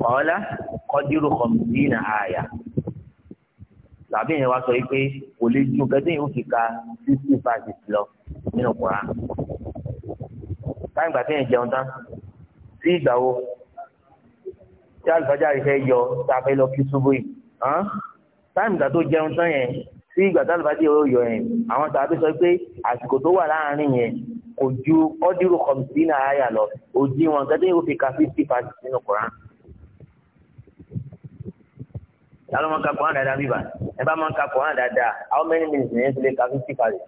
ọ̀ọ́lá kọ́dírù kọ̀mùsínà àyà tàbí ìyẹn wá sọ yìí kò lè ju kẹ́tẹ́yìn ó fi ka sixty lọ nínú kura láyìn gbà téèyàn jẹun tán sí ìgbà wo tí alùpàjáre fẹ́ yọ tá a fẹ́ lọ kí ṣubú yìí hàn táìmù ìgbà tó jẹun tán yẹn sí ìgbà tá alùpàjáre yóò yọ yẹn àwọn tàbí sọ pé àsìkò tó wà láàárín yẹn kò ju ọ́dírù kọ̀mìtì náà ayà lọ òdi wọn gẹ́gẹ́ yóò fi ka fifty pàṣẹ nínú kùrán. ta ló máa ń dáadáa bíbá ẹ bá máa ń ka kùrán dáadáa how many minutes ni ẹ ti lè ka fifty pàṣẹ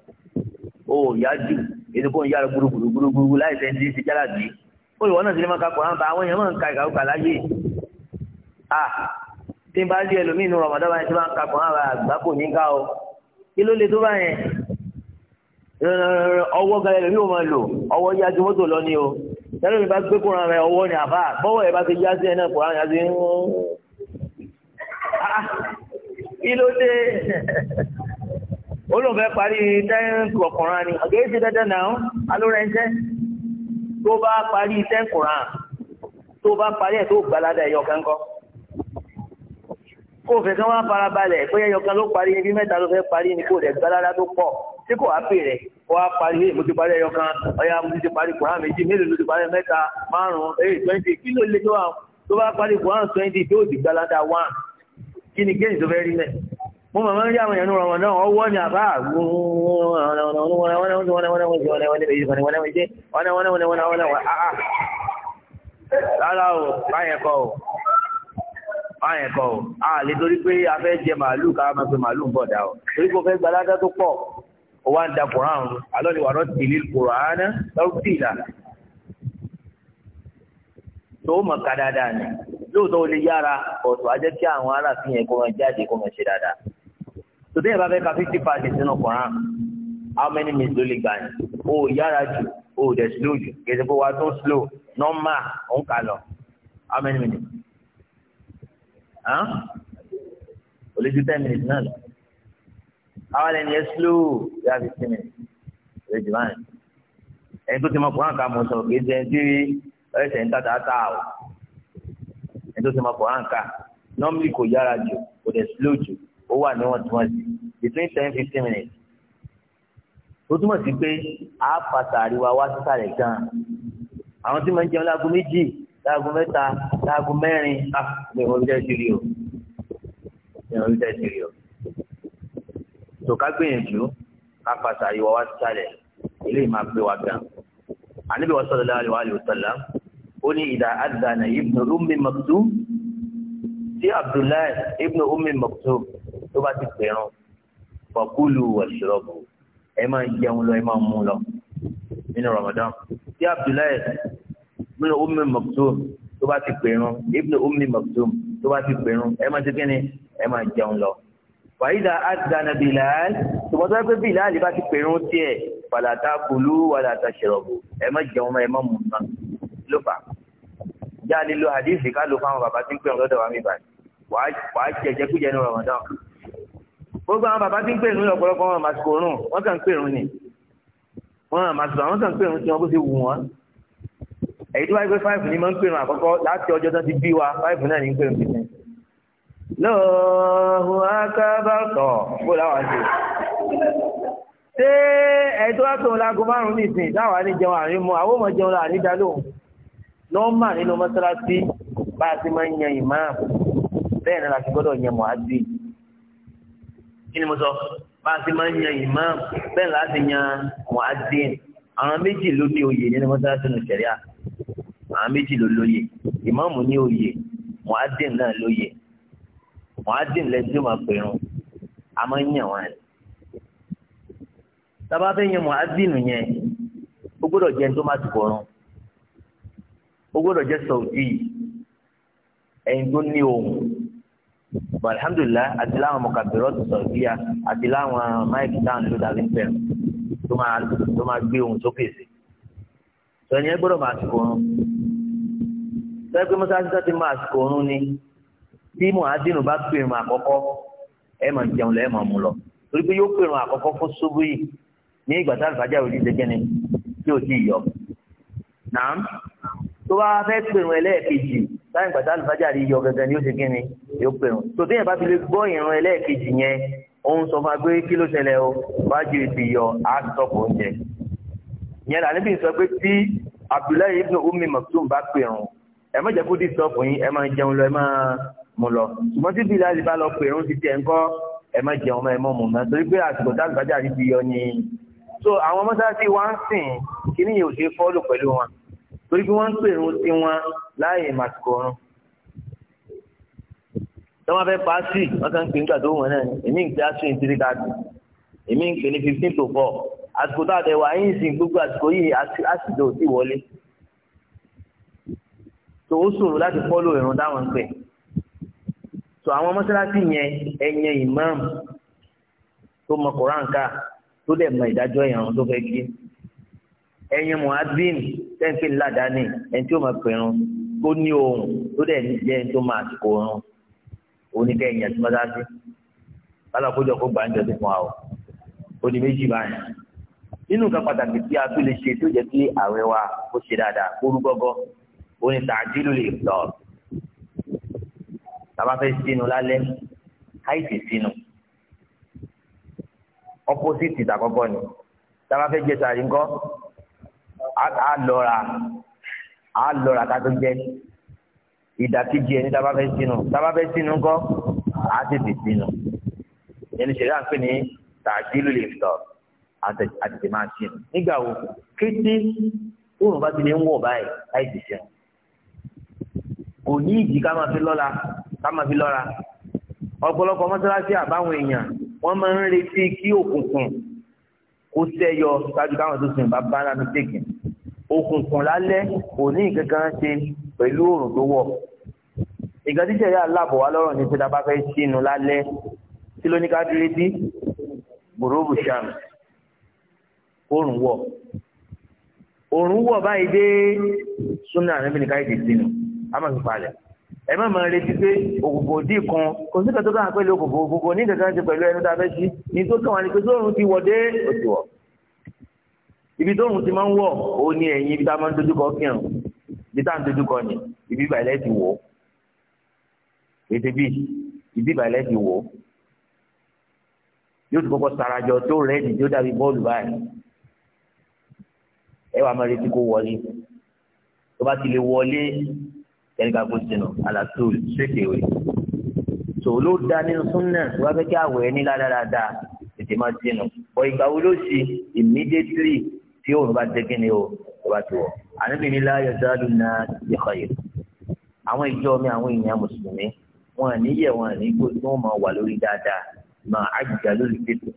ó yá jù èdè kò ń yára gbúrúgbúrú gbúrúgbúrú láì fẹ́ ní ti jára dì í náà ti lè máa ka Kùránì bá àwọn èèyàn máa ń ka ìkàwùkà láyé à tí n bá rí ẹlòmíì nù Ramadan báyìí tí máa ń ka Kùránì bá àgbà kò ní ká o kí ló lè tó bá yẹn ọwọ́ gan ẹlòmíì ò máa lò ọwọ́ yá ju mọ́tò lọ ni o tẹ́lẹ̀ mi bá gbé Kùránì rẹ ọwọ́ ni àbá bọ́wọ́ ẹ bá ti yá sí ẹ náà Kùránì yá sí ah, kí ló dé <laughs> olùfẹ́ parí tẹ́ǹkù ọkùnrin ni ọ̀gẹ́ ti dandan náà alórẹ́ńtẹ́ tó bá parí tẹ́ǹkùrán tó bá parí ẹ̀ tó gbalada ẹ̀yọ̀kan kọ́ kó fẹ́ kí wọ́n fara balẹ̀ pé ẹ̀yọ̀kan ló parí ibi mẹ́ta ló fẹ́ parí ni kò rẹ̀ gbalada tó pọ̀ tí kò wá pè rẹ̀ kó wá parí ẹ̀ mo ti parí ẹ̀yọ̀kan ọ̀yà mo ti parí kùrán méjì mélòó ló ti parí mẹ́ta márùn-ún èyí twenty kí ló lè tó wà tó bá parí kùrán twenty tó ti gbalada one kí ni géèjì mo màmá ń rí àwọn ìyànú ọmọ náà ọwọ́ ni àbá rárá o báyẹn kọ́ o báyẹn kọ́ o a lè torí pé a fẹ́ jẹ màálù ká máa pe màálù ń bọ̀ dá o torí pé o fẹ́ gbaládá tó pọ̀ o wá ń da Kùránì alọ́ ni wàrọ́ tìlí Kùránì lọ́wọ́ tìlà tó mọ̀ ká dáadáa ni lóòótọ́ o lè yára ọ̀tọ̀ ajẹ́ kí àwọn aráàfin yẹn kó máa jáde kó máa ṣe dáadáa tòdé yẹn bá fẹ́ ka fifty pages sínú Quran how many minutes ló lè gbà yẹn o yára jù o dẹ̀ slow jù gèdè bó wa tó slow nọ́mà ó ń kà lọ how many minutes o lè ju ten minutes náà lọ àwọn ẹni yẹn slow yá fifteen minutes o lè jù báyìí ẹni tó ti mọ Quran kà mọ̀ sọ̀rọ̀ gèdè ẹni tí ẹsẹ̀ ń tàtà tà o ẹni tó ti mọ Quran kà normally kò yára jù kò dẹ̀ slow jù ó wà níwọ̀ntúnwọ̀nsì between ten fifteen minutes ó túmọ̀ sí pé a pàtà àríwá wá sísàlẹ̀ gan-an àwọn tí mo ń jẹun láago méjì láago mẹ́ta láago mẹ́rin ah mi ò rí tẹ́ sí rí o mi ò rí tẹ́ sí rí o tó ká gbìyànjú ká pàtà àríwá wá sísàlẹ̀ eléyìí máa gbé wa gan ànábì wa sallallahu alaihi wa alihi wa sallam ó ní ìdá àdànà ibnu ummi maktum tí abdullahi ibnu ummi maktum tó bá ti pẹ̀rùn fọkúlù wọ̀ṣọ́rọ̀bù ẹ máa jẹun lọ ẹ máa mú lọ nínú Ramadan tí Abdullahi ibn Ummi Maktum tó bá ti pẹ̀rùn ibn Ummi Maktum tó bá ti pẹ̀rùn ẹ máa ti kíni ẹ máa jẹun lọ. fàyídà àdàna Bilal tòmọ́ tó bá pẹ́ Bilal bá ti pẹ̀rùn tiẹ̀ fàlàtà kùlù wàlàtà ṣẹ̀rọ̀bù ẹ má jẹun ẹ má mú nǹkan ló fà já lílo hadisi ká ló fáwọn bàbá tí ń pè wọn lọ́dọ̀ wa mi báyìí wàá jẹjẹ kújẹ ní Ramadan gbogbo àwọn bàbá tí ń pèrún ní ọ̀pọ̀lọpọ̀ wọn àmàsìkò rùn wọ́n kàn ń pèrún ni wọn àmàsìkò àwọn kàn ń pèrún tí wọ́n bó ṣe wù wọ́n èyí tó wáyé pé fáìfù ni máa ń pèrún àkọ́kọ́ láti ọjọ́ tán ti bí wa fáìfù náà ní ń pèrún tuntun lọ́ọ̀hún akábàtọ̀ bó láwa ṣe ṣé èyí tó wá tó láago márùn-ún nìsín táwa ní jẹun àárín mu àwọn ọmọ jẹun láàrin dá lóhùn nọ́ọ̀mà nínú mọ́sálásí bá a ti máa ń yan ìmáà bẹ́ẹ̀ ni láti gbọ́dọ̀ yan mọ́ kí ni mo sọ bá a ti máa ń yan imam bẹ́ẹ̀ láti yan muazzin àwọn méjì ló ní oyè nínú mọ́sálásí nù sẹ̀ríà àwọn méjì ló lóye imam ní oyè muazzin náà lóye muazzin lẹ́sìn ó máa pèrún a máa ń yàn wọn rẹ̀ tá a bá fẹ́ yan muazzin yẹn ó gbọ́dọ̀ jẹ́ tó má ti kọ̀ọ̀rùn ó gbọ́dọ̀ jẹ́ sọ̀tì ẹ̀yin tó ní ohun. but alhamdulillah àti láwọn mọ̀kàbẹ̀rọ̀ ti sọ̀rọ̀ bí ya àti láwọn máìkì táwọn ló dàbí ń tó máa tó máa gbé ohun sókè sí sọ̀rọ̀ yẹn gbọ́dọ̀ máa sìkò oorun sọ́yìn pé mọ́sáàsì tó ti máa sìkò oorun ni tí muhadinu bá pè irun àkọ́kọ́ ẹ jẹun lọ torí pé yóò pè àkọ́kọ́ fún ṣubú yìí ní ìgbà tá yóò pè wọn tòtí yẹn bá fi lè gbọ́ ìran ẹlẹ́ẹ̀kejì yẹn òun sọ fún wa pé kí ló ṣẹlẹ̀ o fájìrì ti yọ á sọ̀kò oúnjẹ yẹn lànà bí sọ pé tí Abdullahi ibn Ummi Maktum bá pè wọn ẹ má jẹ́ kó dì sọ fún yín ẹ máa jẹun lọ ẹ máa mú lọ ṣùgbọ́n tí bíi láti bá lọ pè wọn ti tiẹ̀ ńkọ́ ẹ má jẹun ẹ má mú mọ́ torí pé àsìkò tá àgbájá rí ti yọ ni so àwọn mọ́sáàsì wa ń sìn kíní yìí ò ṣe fọ́ọ̀lù pẹ̀lú wọn torí pé wọ́n ń pè wọn sí wọn láàyè màsìkò ọ̀run tọ́wọ́n fẹ́ pa á sí wọ́n kàn ń pè nígbà tó wọ̀n náà èmi ń pè á sí ní three thirty èmi ń pè ní fifteen to four àsìkò tá a tẹ̀ wá yín sí gbogbo àsìkò yìí àsìkò ò tí wọlé tó ó ṣòro láti fọ́lò ìrun táwọn ń pè tó àwọn mọ́sálásí yẹn ẹ̀yẹn imam tó mọ kóráǹkà tó dẹ̀ mọ ìdájọ́ ìrun tó fẹ́ kí ẹ̀yẹn muhadin tẹ́ǹpé ńlá dání ẹni tí ó máa pè irun tó ní ohun tó dẹ̀ jẹ́ ẹni tó máa àsìkò irun oníkẹyìn àti mọ́sáàsì alákòjọ kó gbà ń jọ sí fún wa o ó di méjì báyìí nínú nǹkan pàtàkì tí a tún lè ṣe tó jẹ́ kí ààrẹ wa kó ṣe dáadáa kó rú gọ́gọ́ ó ní tààdílù lè lọ tàbá fẹ́ sínú lálẹ́ káìsì sínú ọpọ́sìtì tàkọ́kọ́ ni tàbá fẹ́ jẹ sàrí ńkọ́ á lọ́ra jẹ́ ìdàkejì ẹni tábà fẹ́ sínú tábà fẹ́ sínú ńkọ́ á tètè sínú ẹni ṣẹlẹ̀ à ń pè ní tàdílù lè tọ̀ àtẹ̀tẹ̀ máa sínú nígbà wo kété òun bá ti lè ń wọ̀ báyìí láì ti sínú kò ní ìdí ká máa fi lọ́ra ká máa fi lọ́ra ọ̀pọ̀lọpọ̀ mọ́sálásí àbáwọn èèyàn wọ́n máa ń retí kí òkùnkùn kó sẹ́yọ ṣáájú káwọn tó sùn bá bá mi tèkì òkùnkùn lálẹ́ kò ní ìkankan ṣe pẹ̀lú òòrùn tó wọ̀ ìgbà tí ìṣẹ̀yà aláàbọ̀ wa lọ́rọ̀ ní pété abáfẹ́ sínú lálẹ́ tí ló ní ká dúró dí gbòròbù sàm òrùn wọ̀ òrùn wọ̀ báyìí dé súnà níbi ní káyìí ti sínú a máa fi palẹ̀ ẹ má máa retí pé òkùnkùn òdì kan kò sí kàtó káà pẹ̀lú òkùnkùn òkùnkùn ní kankan ti pẹ̀lú ẹnu tá sí ní tó kàn wá ní pé tóòrùn ti wọ̀ dé òtù wọ̀ ibi tóòrùn ti máa ń wọ̀ òun ni ẹ̀yìn ibi tá a máa ń dojúkọ kírun ibi tá a ń dojúkọ ni ibi ìbàlẹ̀ ti wọ̀ ọ́ ètè bíi ìdí ìbàlẹ̀ ti wò ó yóò ti kọ́kọ́ sarajọ tó rẹ́ẹ̀dì tó dàbí bọ́ọ̀lù báyìí ẹ wàá máa retí kó wọlé tó bá ti lè wọlé ẹnìkan kó sinú alàtúl ṣèkèwé tó ló da nínú súnmọ́ tó bá fẹ́ kí àwọ̀ ẹ ní ládàáda tètè máa sinú ọ̀ ìgbà wo ló sì immediately tí òun bá dé kíni o tó bá ti wọ̀ àníbi ní láyọ̀ sáà lùnà ìkọyè àwọn ìjọ mi àwọn èèyàn mùsùlùmí wọn à ní yẹ wọn à ní kó tí wọn máa wà lórí dáadáa máa àjìjà lórí tètè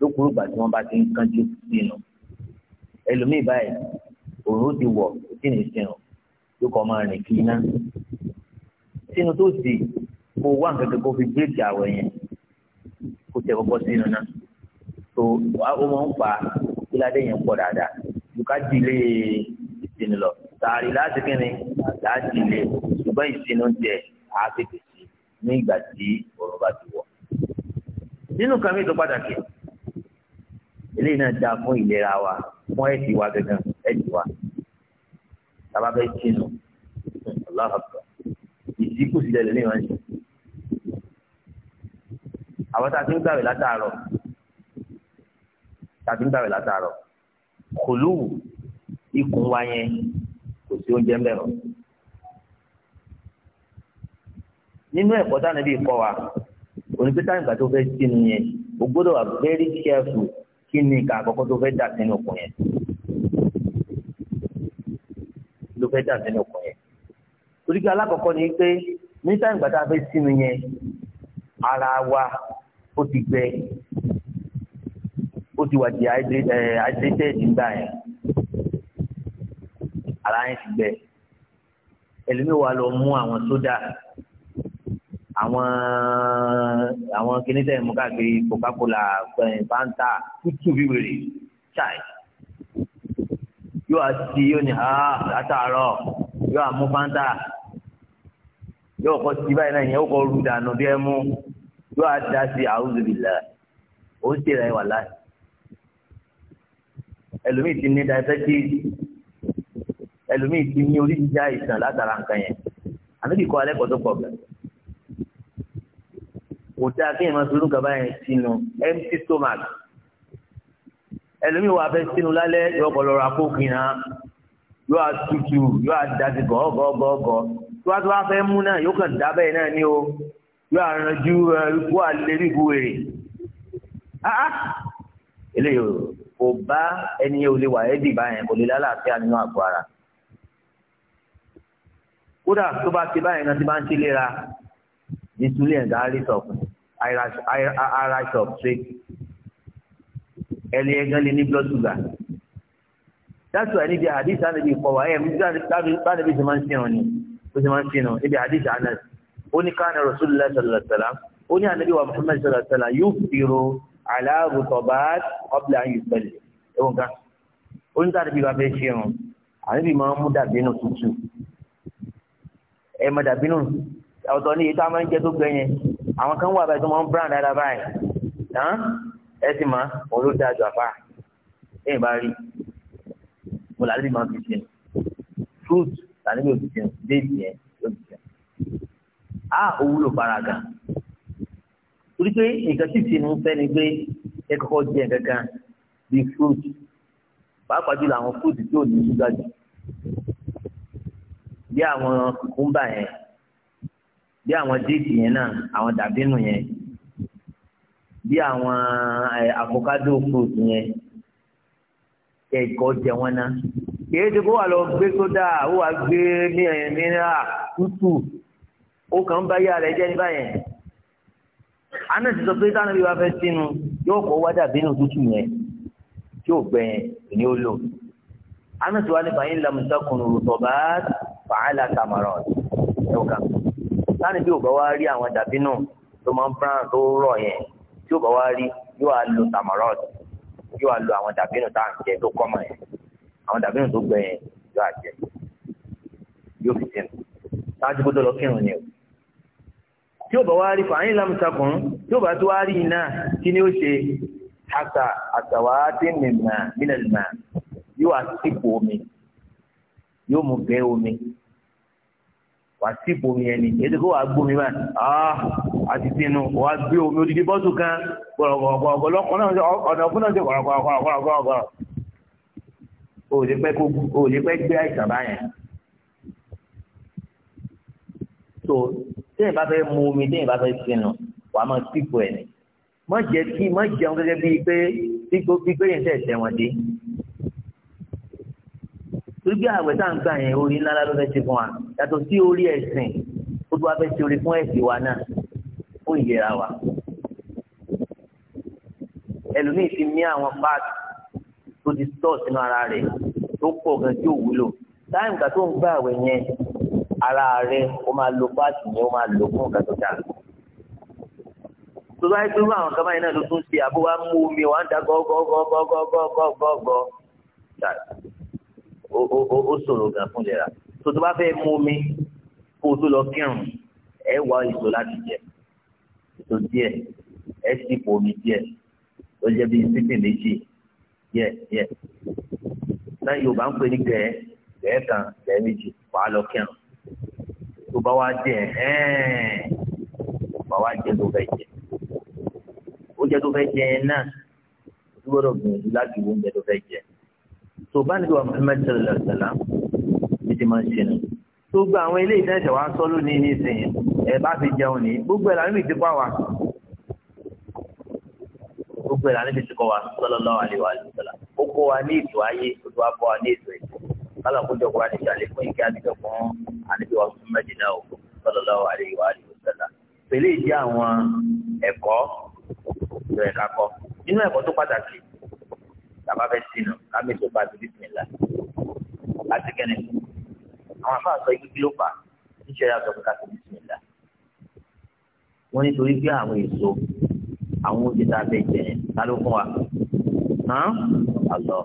lókùrú ìgbà tí wọn bá ti ń kánjú sínú ẹlòmíì báyìí òòrùn ti wọ̀ tí ní sínú ló kọ máa rìn kí iná sínú tó sì kó wá nǹkan kan kó fi bírèkì àwọ̀ yẹn kó tẹ kọ́kọ́ sínú náà tó ó máa ń fa kíládé yẹn pọ̀ dáadáa lùkà dìlé ìsinmi lọ tààrí láti kínni láti lè ṣùgbọ́n ìsinmi ń tẹ àá tètè ní ìgbà tí òòrùn bá ti wọ̀. nínú kan mìíràn tó pàtàkì eléyìí náà dáa fún ìlera wa fún ẹ̀sì wa gangan ẹ̀sì wa tàbá fẹ́ kínú ọlọ́hàbọ̀ ìsìnkú sílẹ̀ lónìí wọn ṣe. àwọn tá a ti ń gbàwé látàárọ̀ tá a ti ń gbàwé látàárọ̀ kòlúwù ikùn wa yẹn kò sí oúnjẹ mẹ́rọ̀. nínú ẹ̀kọ́ tá nàbí kọ́ wa onípẹ́tà ìgbà tó fẹ́ sínú yẹn o gbọ́dọ̀ wà very careful kí ni nǹkan àkọ́kọ́ tó fẹ́ dà sínú okùn yẹn tó fẹ́ dà sínú okùn yẹn torí pé alákọ̀ọ́kọ́ ni pé níta ìgbà tá a fẹ́ sínú yẹn ara wa ó ti gbẹ ó ti wà di hydrated nígbà yẹn ara yẹn ti gbẹ ẹlòmíì wa lọ mú àwọn sódà àwọn àwọn kìnìtẹ̀ mú káàkiri coca-cola eh, fanta tútù bí wèrè chai yóò á ti yóò ní ha ah, látàárọ̀ yóò á mú fanta yóò kọ́ sí báyìí náà yẹn ó kọ́ ru dànù bí ẹ mú yóò á da sí àwùjọbìlà ó ń tèrè wà láì ẹlòmíì ti ní diabetes ẹlòmíì ti ní oríṣiríṣi àìsàn látara nǹkan yẹn àmì kìkọ́ alẹ́ kọ́ tó pọ̀ bẹ́ẹ̀ kò dáa kí èèyàn sọdún gàba yẹn sínú empty stomach ẹlòmíì wà fẹ́ sínú lálẹ́ yóò kọ́ lọ́ra kó kìnnà yóò àtútù yóò àdáṣe gọ́gọ́gọ́gọ́ tí wàá tó wàá fẹ́ mú náà yóò kàn dábẹ́ náà ní o yóò àrànjú ikú àlérí ikú wèrè eléyìí kò bá ẹni yẹn ò lè wà ẹ́dì báyẹn kò lè lálàáfíà nínú àgọ́ ara kódà tó bá ti báyẹn náà ti bá ń ṣe léra This million Irish of Irish Irish of trade. Ẹni ẹgan lè ní blood sugar. That's why níbi àdìs ànábi ìfọwọ́ ẹ̀ mú bánabi ṣe máa ń sìnrùn ni ó ṣe máa ń sìnrùn níbi àdìs ànás. Ó ní káàní Rasulullah sallallahu alaihi wa sallam. Ó ní ànábi wa Muhammad sallallahu alaihi wa sallam yóò fìrò ọ̀bìlà yìí pẹ̀lú. Ẹ Ó ní káàní bí fẹ́ ṣe rùn. máa ń mú dàbínú tútù. Ẹ ọ̀tọ̀ ní èyí tá a máa ń jẹ tó gbẹ yẹn àwọn kan wà báyìí tó máa ń brown dáadáa báyìí tán ẹ sì máa wọn ló dáa jù àfà ẹ̀yìn bá rí mo làlẹ́ máa fi ṣe fruit làlẹ́ bí òbí ṣe déètì yẹn lóbi ṣe á òwúlò fara gan torí pé nǹkan tí ìṣe ń fẹ́ ni pé ẹ kọ́kọ́ jẹ nǹkan kan bíi fruit pàápàá jùlọ àwọn fruit tí ò ní ṣúgà jù bí àwọn kùkúmbà yẹn bí àwọn déètì yẹn náà àwọn dàbínù yẹn bí àwọn avocado fruit yẹn ẹ̀kọ́ jẹ wọn náà kìí ṣe kó wà lọ gbé sódà ó wà gbé mìíràn tútù ó kàn ń bá yá rẹ jẹ́ nígbà yẹn àná ti sọ pé sáà níbi wá fẹ́ sínú yóò kọ́ wá dàbínù tútù yẹn tí ó gbẹ yẹn ni ó lò àná ti wá nípa yín lamusakunrù tọ́ba fàálà tamarọ̀ ẹ̀ wọ́n láti bí òbá wa rí àwọn dàbí nù tó máa ń brown tó rọ̀ yẹn tí òbá wa rí yóò wá lo tamarot yóò wá lo àwọn dàbí nù tá à ń jẹ tó kọ́mọ yẹn àwọn dàbí nù tó gbẹ yẹn yóò àjẹ yóò fi sínú ṣáájú kó tó lọ kírun ni o tí òbá wa rí fàáyín lámùsàkùn tí òbá tó wá rí iná kí ni ó ṣe hasa àtàwáàtì mìíràn mílẹ̀ mìíràn yóò àsìkò omi yóò mú bẹ́ẹ̀ omi wà sí ìbomi ẹni ètò kó wà gbómi báyìí ah àti tinú wà gbé omi odidi bọ́tù kan gbọ̀rọ̀gbọ̀rọ̀gbọ̀ lọ́kọ̀ náà ọ̀nà ọ̀kú náà ṣe gbọ̀rọ̀gbọ̀rọ̀gbọ̀rọ̀ o lè pẹ́ kó o lè pẹ́ gbé àìsàn báyẹn. so téèyàn bá fẹ́ mu omi téèyàn bá fẹ́ tinú wà á máa sípò ẹni má jẹ́ kí má jẹun gẹ́gẹ́ bíi pé gbígbó gbígbé yẹn torí bí àwẹ̀ tá à ń gbà yẹn orí ńlá ló fẹ́ ṣe fún wa yàtọ̀ sí orí ẹ̀sìn ó tó wá fẹ́ ṣe orí fún ẹ̀sìn wa náà fún ìlera wa ẹlòmíì ti ní àwọn páàkì tó ti tọ̀ sínú ara rẹ̀ tó pọ̀ gan tí ò wúlò táìmù kà tó ń gbà àwẹ̀ yẹn ara rẹ̀ ó máa lo páàkì yẹn ó máa lò fún nǹkan tó dáa tó yẹ kí àwọn kan náà ló tún ṣe àbúwá mú omi wa ń da ó ṣòro gan fún ìlera tó bá fẹ́ mú omi kó o tó lọ kírun ẹ wá èso láti jẹ èso díẹ̀ ẹ sì pò omi díẹ̀ ó jẹ́ bíi sípì méjì díẹ̀ díẹ̀ náà Yorùbá ń pè ní gẹ̀ẹ́ gẹ̀ẹ́ kan gẹ̀ẹ́ méjì wàá lọ kírun tó bá wá jẹ ẹ̀ẹ́n bá wá jẹ tó fẹ́ jẹ ó jẹ tó fẹ́ jẹ náà gbọ́dọ̀ gbìyànjú láti wo oúnjẹ tó fẹ́ jẹ tó bá níbi wa Muhammad sallallahu alaihi wa sallam ní ti máa ń ṣe nù. tó gba àwọn ilé ìdájọ́ wa sọ lónìí ní ìsìn bá fi jẹun ní gbogbo ẹ̀ làwọn ìdí pa wa gbogbo ẹ̀ làwọn ìdí kọ́ wa sallallahu alaihi wa sallam ó kọ́ wa ní ètò ayé ó tó wá kọ́ wa ní ètò ẹ̀ kálọ̀ kójọ kó wa ní ìṣàlẹ̀ fún ìkẹ́ àdìjọ fún àdìjọ wa Muhammad náà sallallahu alaihi wa sallam pẹ̀lú ìdí àwọn ẹ̀kọ́ ìrẹ̀kakọ nínú ẹ̀kọ́ tó pàtàkì tàbá fẹ́ sínú kámi tó bá ti bísí nìlá àti kẹ́ni àwọn afáà sọ igi ló fà níṣẹ́ yàtọ̀ pé káti bísí nìlá wọ́n nítorí pé àwọn èso àwọn oúnjẹ tá a fẹ́ jẹ ta ló fún wa hàn àlọ́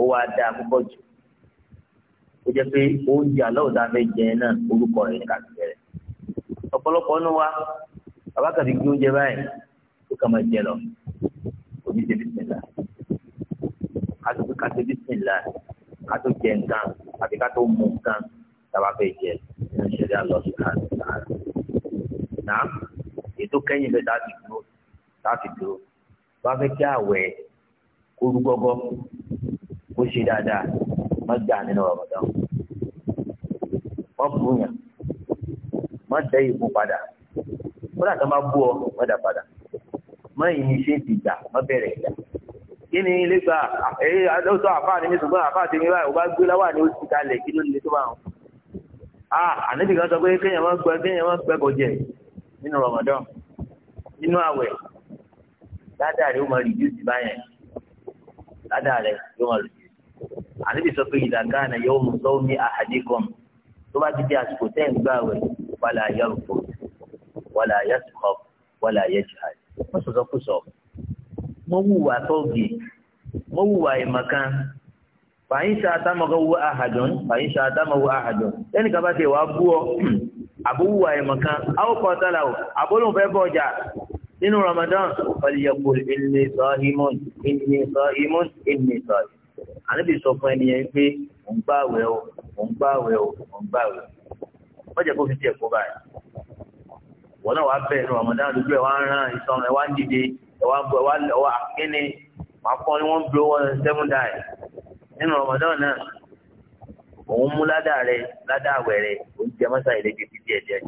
ó wá dá púpọ̀ jù ó jẹ́ pé oúnjẹ aláwọ̀ tá a fẹ́ jẹ náà orúkọ rẹ̀ ní káti bẹ̀rẹ̀ ọ̀pọ̀lọpọ̀ ọ̀nù wa bàbá kàdé gbé oúnjẹ báyìí ó kà máa jẹ lọ òbí ṣe bísí àti pé kátó bísíǹlá kátó jẹ nǹkan àti kátó mú nǹkan tàbá fẹ́ jẹ ní ìṣẹ̀lẹ̀ àlọ́sùn láti sàárà. náà ètò kẹ́yìn bẹ́ẹ̀ láti dúró láti dúró bá fẹ́ kí àwẹ̀ kóru gọ́gọ́ kó ṣe dáadáa má gbà nínú Ramadan wọ́n bú yàn má tẹ ìbú padà kódà kan bá bú ọ má dà padà má yìí ní ṣé ti gbà má bẹ̀rẹ̀ ìgbà kí ni ilé gba èyí adóso àfáà ní ṣùgbọ́n àfáà ti ní báyìí ó bá gbé láwà ní oṣù kalẹ̀ kí ló lè tó bá wọn. a ànábì kan sọ pé kéèyàn máa ń gbẹ kéèyàn máa ń gbẹ kò jẹ nínú Ramadan nínú àwẹ̀ ládàrí ó máa rí jùsì báyẹn ládàrí ó máa rí jùsì. ànábì sọ pé ìdàgá àná yóò mú sọ́wọ́ ní àhàdékọ́m tó bá ti di àsìkò tẹ́ ń gbà wẹ̀ wàlà yàrá wàlà yàtúkọ̀ wàlà yẹ wọ́n wùwà tọ́ọ̀gì wọ́n wùwà ìmọ̀kan fàyínṣà àtàmọ̀gọ́wọ́ àhàdùn fàyínṣà àtàmọ̀wọ́ àhàdùn lẹ́nìkan bá ti wàá bú ọ <clears throat> àbúwà ìmọ̀kan àwòkọ́ tálà ò àbólóhùn fẹ́ bọ̀ ọjà nínú Ramadan ọ̀lẹ́yẹ̀kọ́ inni sahimun inni sahimun inni sahimun àníbi sọ fún ẹnìyẹn pé òun gbààwẹ̀ o òun gbààwẹ̀ o òun gbààwẹ̀ o wọ́n jẹ́ kó fi tiẹ̀ kó báyìí wọn náà wà bẹ́ẹ̀ ní ọmọdé àdúgbò ẹ̀ wá ń rán ìtàn ẹ̀ wá ń dìde ẹ̀ wá ń bọ̀ ẹ̀ wá lọ wá kíni wà kọ́ ni wọ́n ń blow one seven die nínú ọmọdé náà òun mú ládà rẹ ládà àwẹ̀ rẹ òun jẹ mọ́sá ìrẹ́jẹ fífi ẹ̀jẹ̀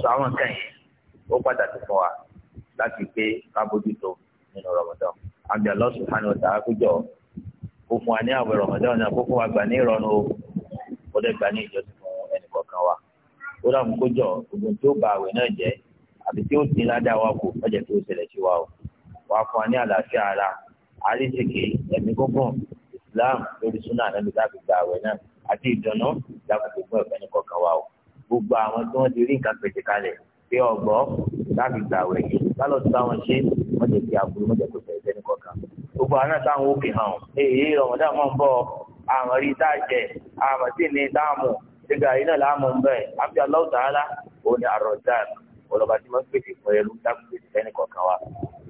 sọ àwọn kan yìí ó pàtàkì fún wa láti gbé kábójútó nínú rọmọdán àbí Allah subhanahu wa ta'ala kújọ kó fún wa ní àwẹ̀ rọmọdán náà kó fún wa gbà ní ìrọ̀rùn o kó dẹ̀ gbà ní ìjọsìn fún ẹnì kọ̀ọ̀kan wa ó dàmú kó jọ ògùn tí ba àwẹ̀ náà jẹ́ àbí tí ó dín ládàá wa kù lọ́jọ́ tí ó ṣẹlẹ̀ sí wa o wàá fún wa ní àlàáfíà ara àríṣèké ẹ̀mí gúngùn Islam lórí súnà ànábi láti gba àwẹ̀ náà àti ìdùnnú lákòókò fún ẹ̀fẹ́ nìkọ̀ọ̀kan wa o gbogbo àwọn tí wọ́n ti rí nǹkan pèsè kalẹ̀ pé ọ̀gbọ́ láti gba àwẹ̀ yìí lálọ́ tí táwọn ṣe wọ́n jẹ́ kí aburú wọ́n jẹ́ kó fẹ́ ẹ̀fẹ́ nìkọ̀ọ̀kan gbogbo àwọn náà táwọn òkè hàn èyí máa ń bọ̀ àwọn rí tá àwọn sì ní táàmù ṣe gàrí náà láàmú bẹ́ẹ̀ àbí Allah Ta'ala òun ni àròjàn ọlọ́ba tí wọ́n pèsè fún ẹrú dákúrèsì lẹ́nu kọ̀ọ̀kan wa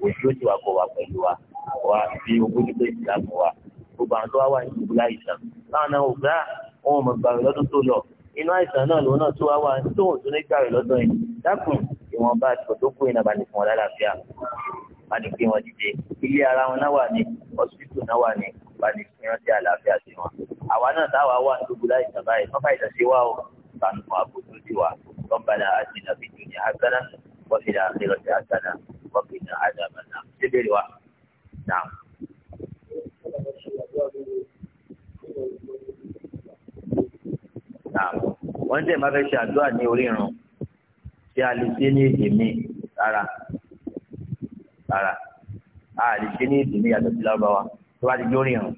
òṣù tí wàá kọ̀ wá pẹ̀lú wa wa fi ogún ní pèsè láàmú wa gbogbo àwọn tó wá wà ní ìgbìlá ìsàn láwọn náà ò gbá ah, wọn ò mọ̀ gbàgbé lọ́dún tó lọ inú àìsàn náà lòun náà tó wá wà tó ò tún ní gbàgbé lọ́dún yìí dákùn ìwọ̀nba àtìkò tó kú iná balẹ̀ fún ọ lálàáfíà balẹ̀ pé wọn dìde ilé ara wọn náà wà ní ọsibítù náà wà ní bá ní kí wọ́n ti àlàáfíà sí wọn. àwa náà táwa wà ní gbogbo láì sábà yìí wọ́n fàìsàn sí wa o ìbánumọ̀ àbójú sí wa ربنا آتنا في الدنيا حسنة وفي الآخرة حسنة وقنا عذاب النار. سبيل واحد. نعم. Naam. Wọ́n tẹ̀ máa fẹ́ ṣe àdúrà ní orí irun. Ṣé a lè ṣe ní èdè mi? Rárá. Rárá. A lè ṣe ní èdè mi yàtọ̀ sí lárúbáwá tó bá ti lórí irun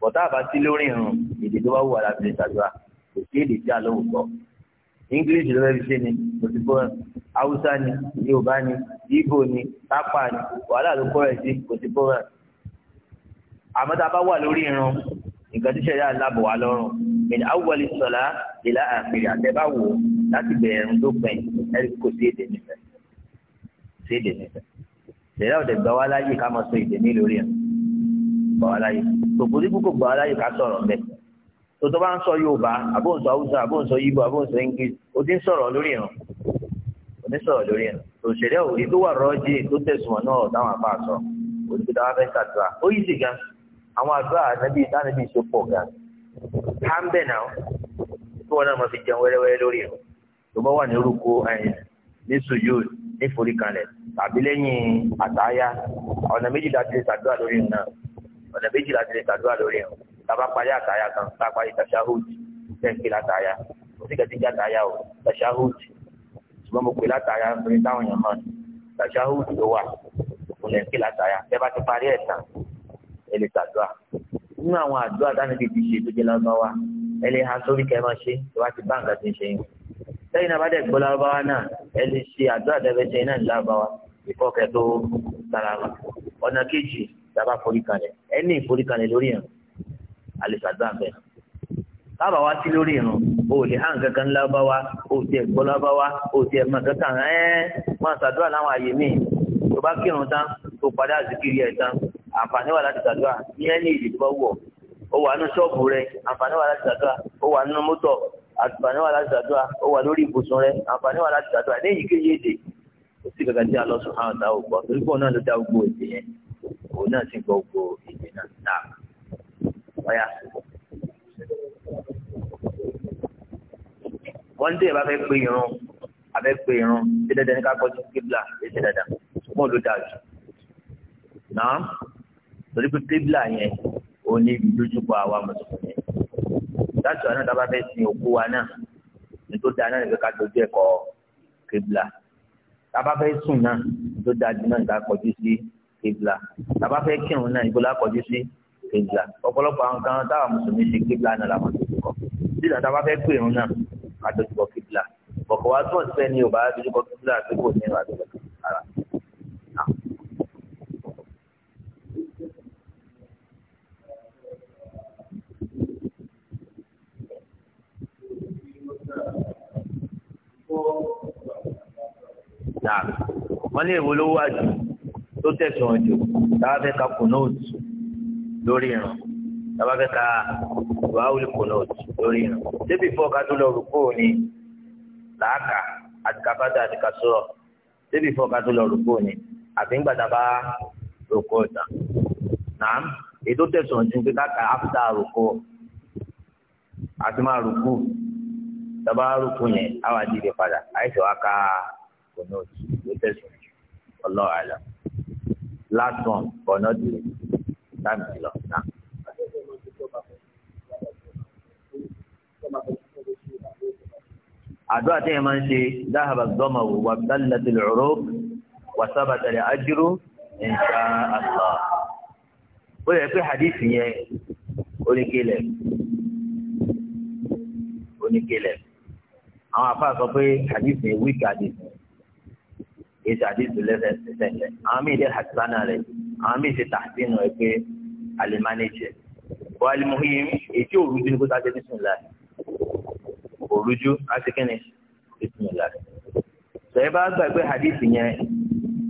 bọ̀tá àbá sí lórí irun èdè tó bá wù wá láti lè ṣàdúrà kò sí èdè tí a lówó sọ english ló fẹ́ fi ṣe ni kò sí bọ́ haúsá ni yorùbá ni ibo ni tápà ni wàhálà ló kọ́ ẹ̀ sí kò sí bọ́ àmọ́ tá a bá wà lórí irun nǹkan tí sẹ́yà lábọ̀ wá lọ́rùn mẹ́ni awọ́lé sọ̀lá ìlà àpèrè àtẹ́báwò láti bẹ̀rẹ̀ ẹ̀rùn tó pẹ̀ ẹ̀rí kò sí èdè nífẹ̀ẹ́ sí èdè nífẹ̀ẹ́ sẹ́yà ọ̀dẹ̀ gbà wá láyè kòkó tí kò gbà wá láyè ká sọ̀rọ̀ mbẹ́ tòtò bá ń sọ Yorùbá àbó ń sọ Haúsá àbó ń sọ Ìgbò àbó ń sọ English ó ti ń sọ̀rọ̀ lórí ìrùn ó ti ń sọ̀rọ̀ lórí ìrùn òṣèré òye tó wà rọ́ọ̀jì tó tẹ̀sùn náà táwọn afá sọ òṣìṣẹ́ táwọn fẹ́ ṣàdúrà ó yí sí gan àwọn àdúrà ànábì ìtànàbì ṣe pọ̀ gan hambẹ̀ náà tí wọn náà máa fi jẹun wẹ́rẹ́wẹ́rẹ́ lórí ìrùn tó bá wà ní orúkọ ẹ̀yìn ní sùjúd ní foríkalẹ̀ tàbí lẹ́yìn àtàyà ọ̀nà méjì dájú ọ̀nà méjìlá ti lè gbàdúrà lórí ẹ̀ tàbá parí àtàyà kan tá a parí tàṣáhùd tẹ̀ǹkì látàyà kò sí kẹ́tí jàtàyà o tàṣáhùd ṣùgbọ́n mo pè látàyà nítorí táwọn èèyàn mọ̀ tàṣáhùd ló wà kò lẹ́ǹkì látàyà ẹ bá ti parí ẹ̀ tán ẹ lè gbàdúrà nínú àwọn àdúrà dání bíi ti ṣe tó jẹ́ lọ́sọ́wà ẹ lè ha sórí kẹ́ ẹ máa ṣe tó bá ti bá nǹkan ti ṣe yín lẹ́yìn náà bá dẹ̀ gbọ́ lárúbáwá náà ẹ lè ṣe àdúrà dẹ́fẹ́ ṣe náà lárúbáwá ìfọ́kẹ́ tó sára ọ̀nà kejì dábàá forí kanlẹ̀ ẹni ìforí kanlẹ̀ lórí irun àlèsàdúrà bẹ́ẹ̀ bàbá wa sí lórí irun o lè hàn kankan lábáwá o tiẹ̀ gbọ́ lábáwá o tiẹ̀ mọ̀ kankan ẹ́ẹ́ máa ṣàdúrà láwọn àyè míì tó bá kírun tán tó padà zikiri ẹ̀ tán àǹfààní wà láti ṣàdúrà ní ẹni ìdí tó bá wù ọ́ ó wà nínú ṣọ́ọ̀bù rẹ àǹfààní wà láti ṣàdúrà ó wà nínú mọ́tò àǹfààní wà láti ṣàdúrà ó wà lórí ibùsùn rẹ àǹfààní wà láti ṣàdúrà ní èyíkéyìí èdè kò sí kankan tí a lọ sùn àwọn ọ̀tá ògbọ́ torí pọ̀ náà ló dá gbogbo èdè yẹn òun náà sì gbogbo èdè náà náà wáyà. wọ́n dé ìbá fẹ́ pé irun abẹ́ pé irun ṣé dandan ní ká kọjú kébìlà lè ṣe dandan ṣùgbọ́n ló dáa jù náà torí pé kébìlà yẹn ò ní ibi lójúkọ àwa mùsùlùmí láti ọ̀nà tábà fẹ́ sin òkú wa náà ní tó dáa náà ní ká dojú ẹ̀kọ́ kébìlà tábà fẹ́ sùn náà ní tó dáa jù náà ní kọjú sí kébìlà tàbá fẹ́ kírun náà ibo la kọjú sí kébìlà ọ̀pọ̀lọpọ̀ àwọn kan táwa mùsùlùmí ṣe kébìlà náà làwọn dojúkọ sílẹ̀ tàbá fẹ́ pèrún náà ká dojúkọ kébìlà bọ̀kọ̀ wá tún ọ̀sẹ̀ ni yorùbá dojúkọ kébìlà tó kò ní ìrìn àjò ara. wọ́n lè wo lówó tó tẹ̀sán jù táwa fẹ́ ka kùnóòtù lórí ìrun táwa fẹ́ ka wàhálì kùnóòtù lórí débi fọ́ tó lọ ni làákà àti kábàtà àti kásúrọ̀ débi fọ́ ká tó lọ ni àfi ńgbàdá bá rúkú ọ̀tà nàám èyí tẹ̀sán jù pé káka áfítà rúkú àti máa rúkú táwa rúkú yẹn àwọn padà àìsàn last one but not the time is lọ na. àdúrà tí yẹn máa ń ṣe dáhàbà gbọ́mọ̀ wò wà dálẹ̀ tó lọ́rọ́ wà sábà tẹ̀lé ajúrú insha Allah. ó yẹ pé hadith yẹn oníkelẹ̀ oníkelẹ̀ àwọn afa pé hadith yẹn weak hadith èyí ṣe àdìsù lẹ́sẹ̀ẹ́sẹ̀ àwọn míì dé hasana rẹ̀ àwọn míì ṣe tàṣínú ẹ̀ pé alimanijẹ wà á lè mú yín èyí òrùjú ní kó tá a ṣe bísímìlá òrùjú á ti kíni bísímìlá sọ̀rọ̀ bá gbà pé hadisi yẹn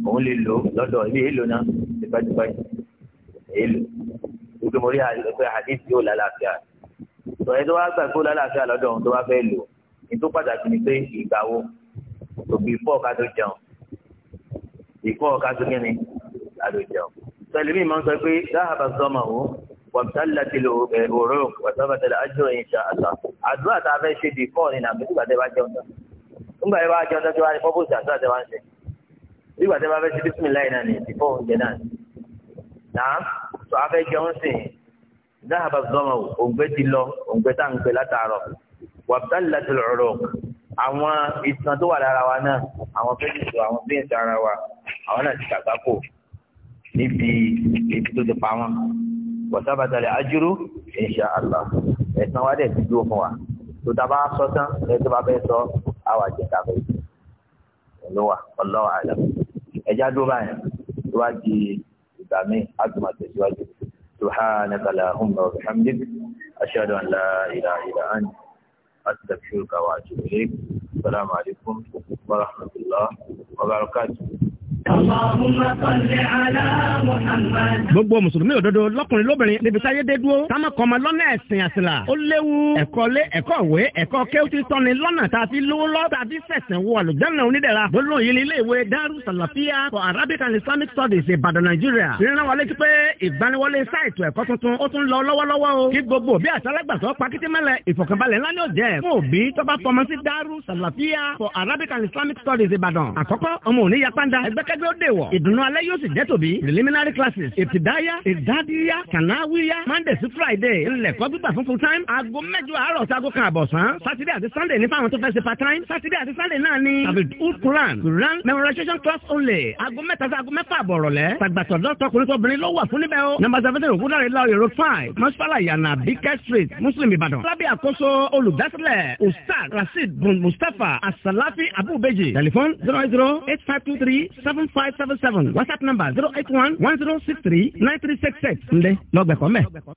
òun lè lò lọ́dọ̀ ilé èlò náà tipẹ́tipẹ́ èlò gbogbo mo rí pé hadisi yóò lálàáfíà sọ̀rọ̀ tó wá gbà pé ó lálàáfíà lọ́dọ̀ òun tó wá fẹ́ lò ní tó pàtàkì pé ìgbà wo òbí fọ́ọ̀ká tó jẹun ìkọ́ ọ̀ka tó kí ni àlòjẹ o. sọlẹ́mì máa ń sọ pé dáhàbà sọmọ o wàtálà tìlù òró wàtálà tìlù àjọ ìṣà àṣà àdúrà tá a fẹ́ ṣe bí kọ́ọ̀ nínú àmì nígbà tẹ́ bá jẹun tán nígbà tẹ́ bá jẹun tán tí wàá ní pọ́pọ́sì àdúrà tẹ́ bá ń ṣe nígbà tẹ́ bá fẹ́ ṣe bísímìláì náà ní tó a fẹ́ jẹun sìn dáhàbà sọmọ o àwọn ìsàn tó wà wa àwọn náà ti dàgbà kò níbi ibi tó ti pa wọn wọ́sábàtàlẹ̀ ajúrú insha allah ẹ̀sán wa dẹ̀ ti dúró fún wa tó dábà sọ tán ẹ̀sán bá bẹ́ẹ̀ sọ àwọn àjẹta fẹ́ olówà ọlọ́wà àlọ́ ẹ̀já dúró báyìí tó bá di ìgbà míì á tẹ̀síwájú subhanaka allahumma wa bihamdik ashhadu an la ilaha illa anta astaghfiruka wa atubu ilayk assalamu alaikum wa wa barakatuh gbogbo mùsùlùmí òdodo lọ́kùnrin lóbìnrin níbi táyé dé dúró ká má kọ́ ọmọ lọ́nà ẹ̀sìn àṣìlá ó léwu ẹ̀kọ́ lé ẹ̀kọ́ ìwé ẹ̀kọ́ kéwùtì tọ́ni lọ́nà tá a fi lówó lọ́ tá a fi sẹ̀sẹ̀ wọ àlùjáná onídẹ̀ra gbólóhùn yìí ní ilé ìwé Daru Salafia for Arabic and Islamic Studies Ìbàdàn Nàìjíríà ìrìnà wa létí pé ìgbaniwọlé sáìtù ẹ̀kọ́ tuntun ó tún lọ lọ́wọ́lọ́wọ́ o kí gbogbo bí àtàlágbàtọ́ pakitimẹ́lẹ̀ ìfọ̀kànbalẹ̀ ńlá ni ó jẹ́ fún òbí Daru Salafia for Arabic and Islamic Studies Ìbàdàn àkọ́kọ́ ọmọ òní yapanda ẹgbẹ́kẹ́ kẹ́gbẹ́ ó dè wọ̀. ìdùnnú alẹ́ yóò sì jẹ́ tòbí. preliminary classes ìtìdáyà ìdádíyà kànáwíyà monday sí friday ńlẹ̀kọ́ gbígbà fún full time. aago mẹ́jọ àárọ̀ sago kan àbọ̀sán. saturday àti sunday ní fáwọn tó fẹ́ ṣe part time. saturday àti sunday náà ni abdul quran quran memorization class only. aago mẹ́ta sí aago mẹ́fà àbọ̀rọ̀lẹ́. tàgbàtọ̀ dọ́tọ̀ kùnrin obìnrin ló wà fún níbẹ̀ o. number seven ògúndàrẹ́ láòyè road five mọ́ṣúfàlà yànnà bíkẹ́ street muslim ìbàdàn. lábẹ́ àkóso olùdásílẹ̀ ustaz rasheed bun mustapha asalafi abubeji. tẹlifon zero zero eight five two three seven 7577 whatsapp number 081 1063 9368 ǹdẹ́ on mẹ́.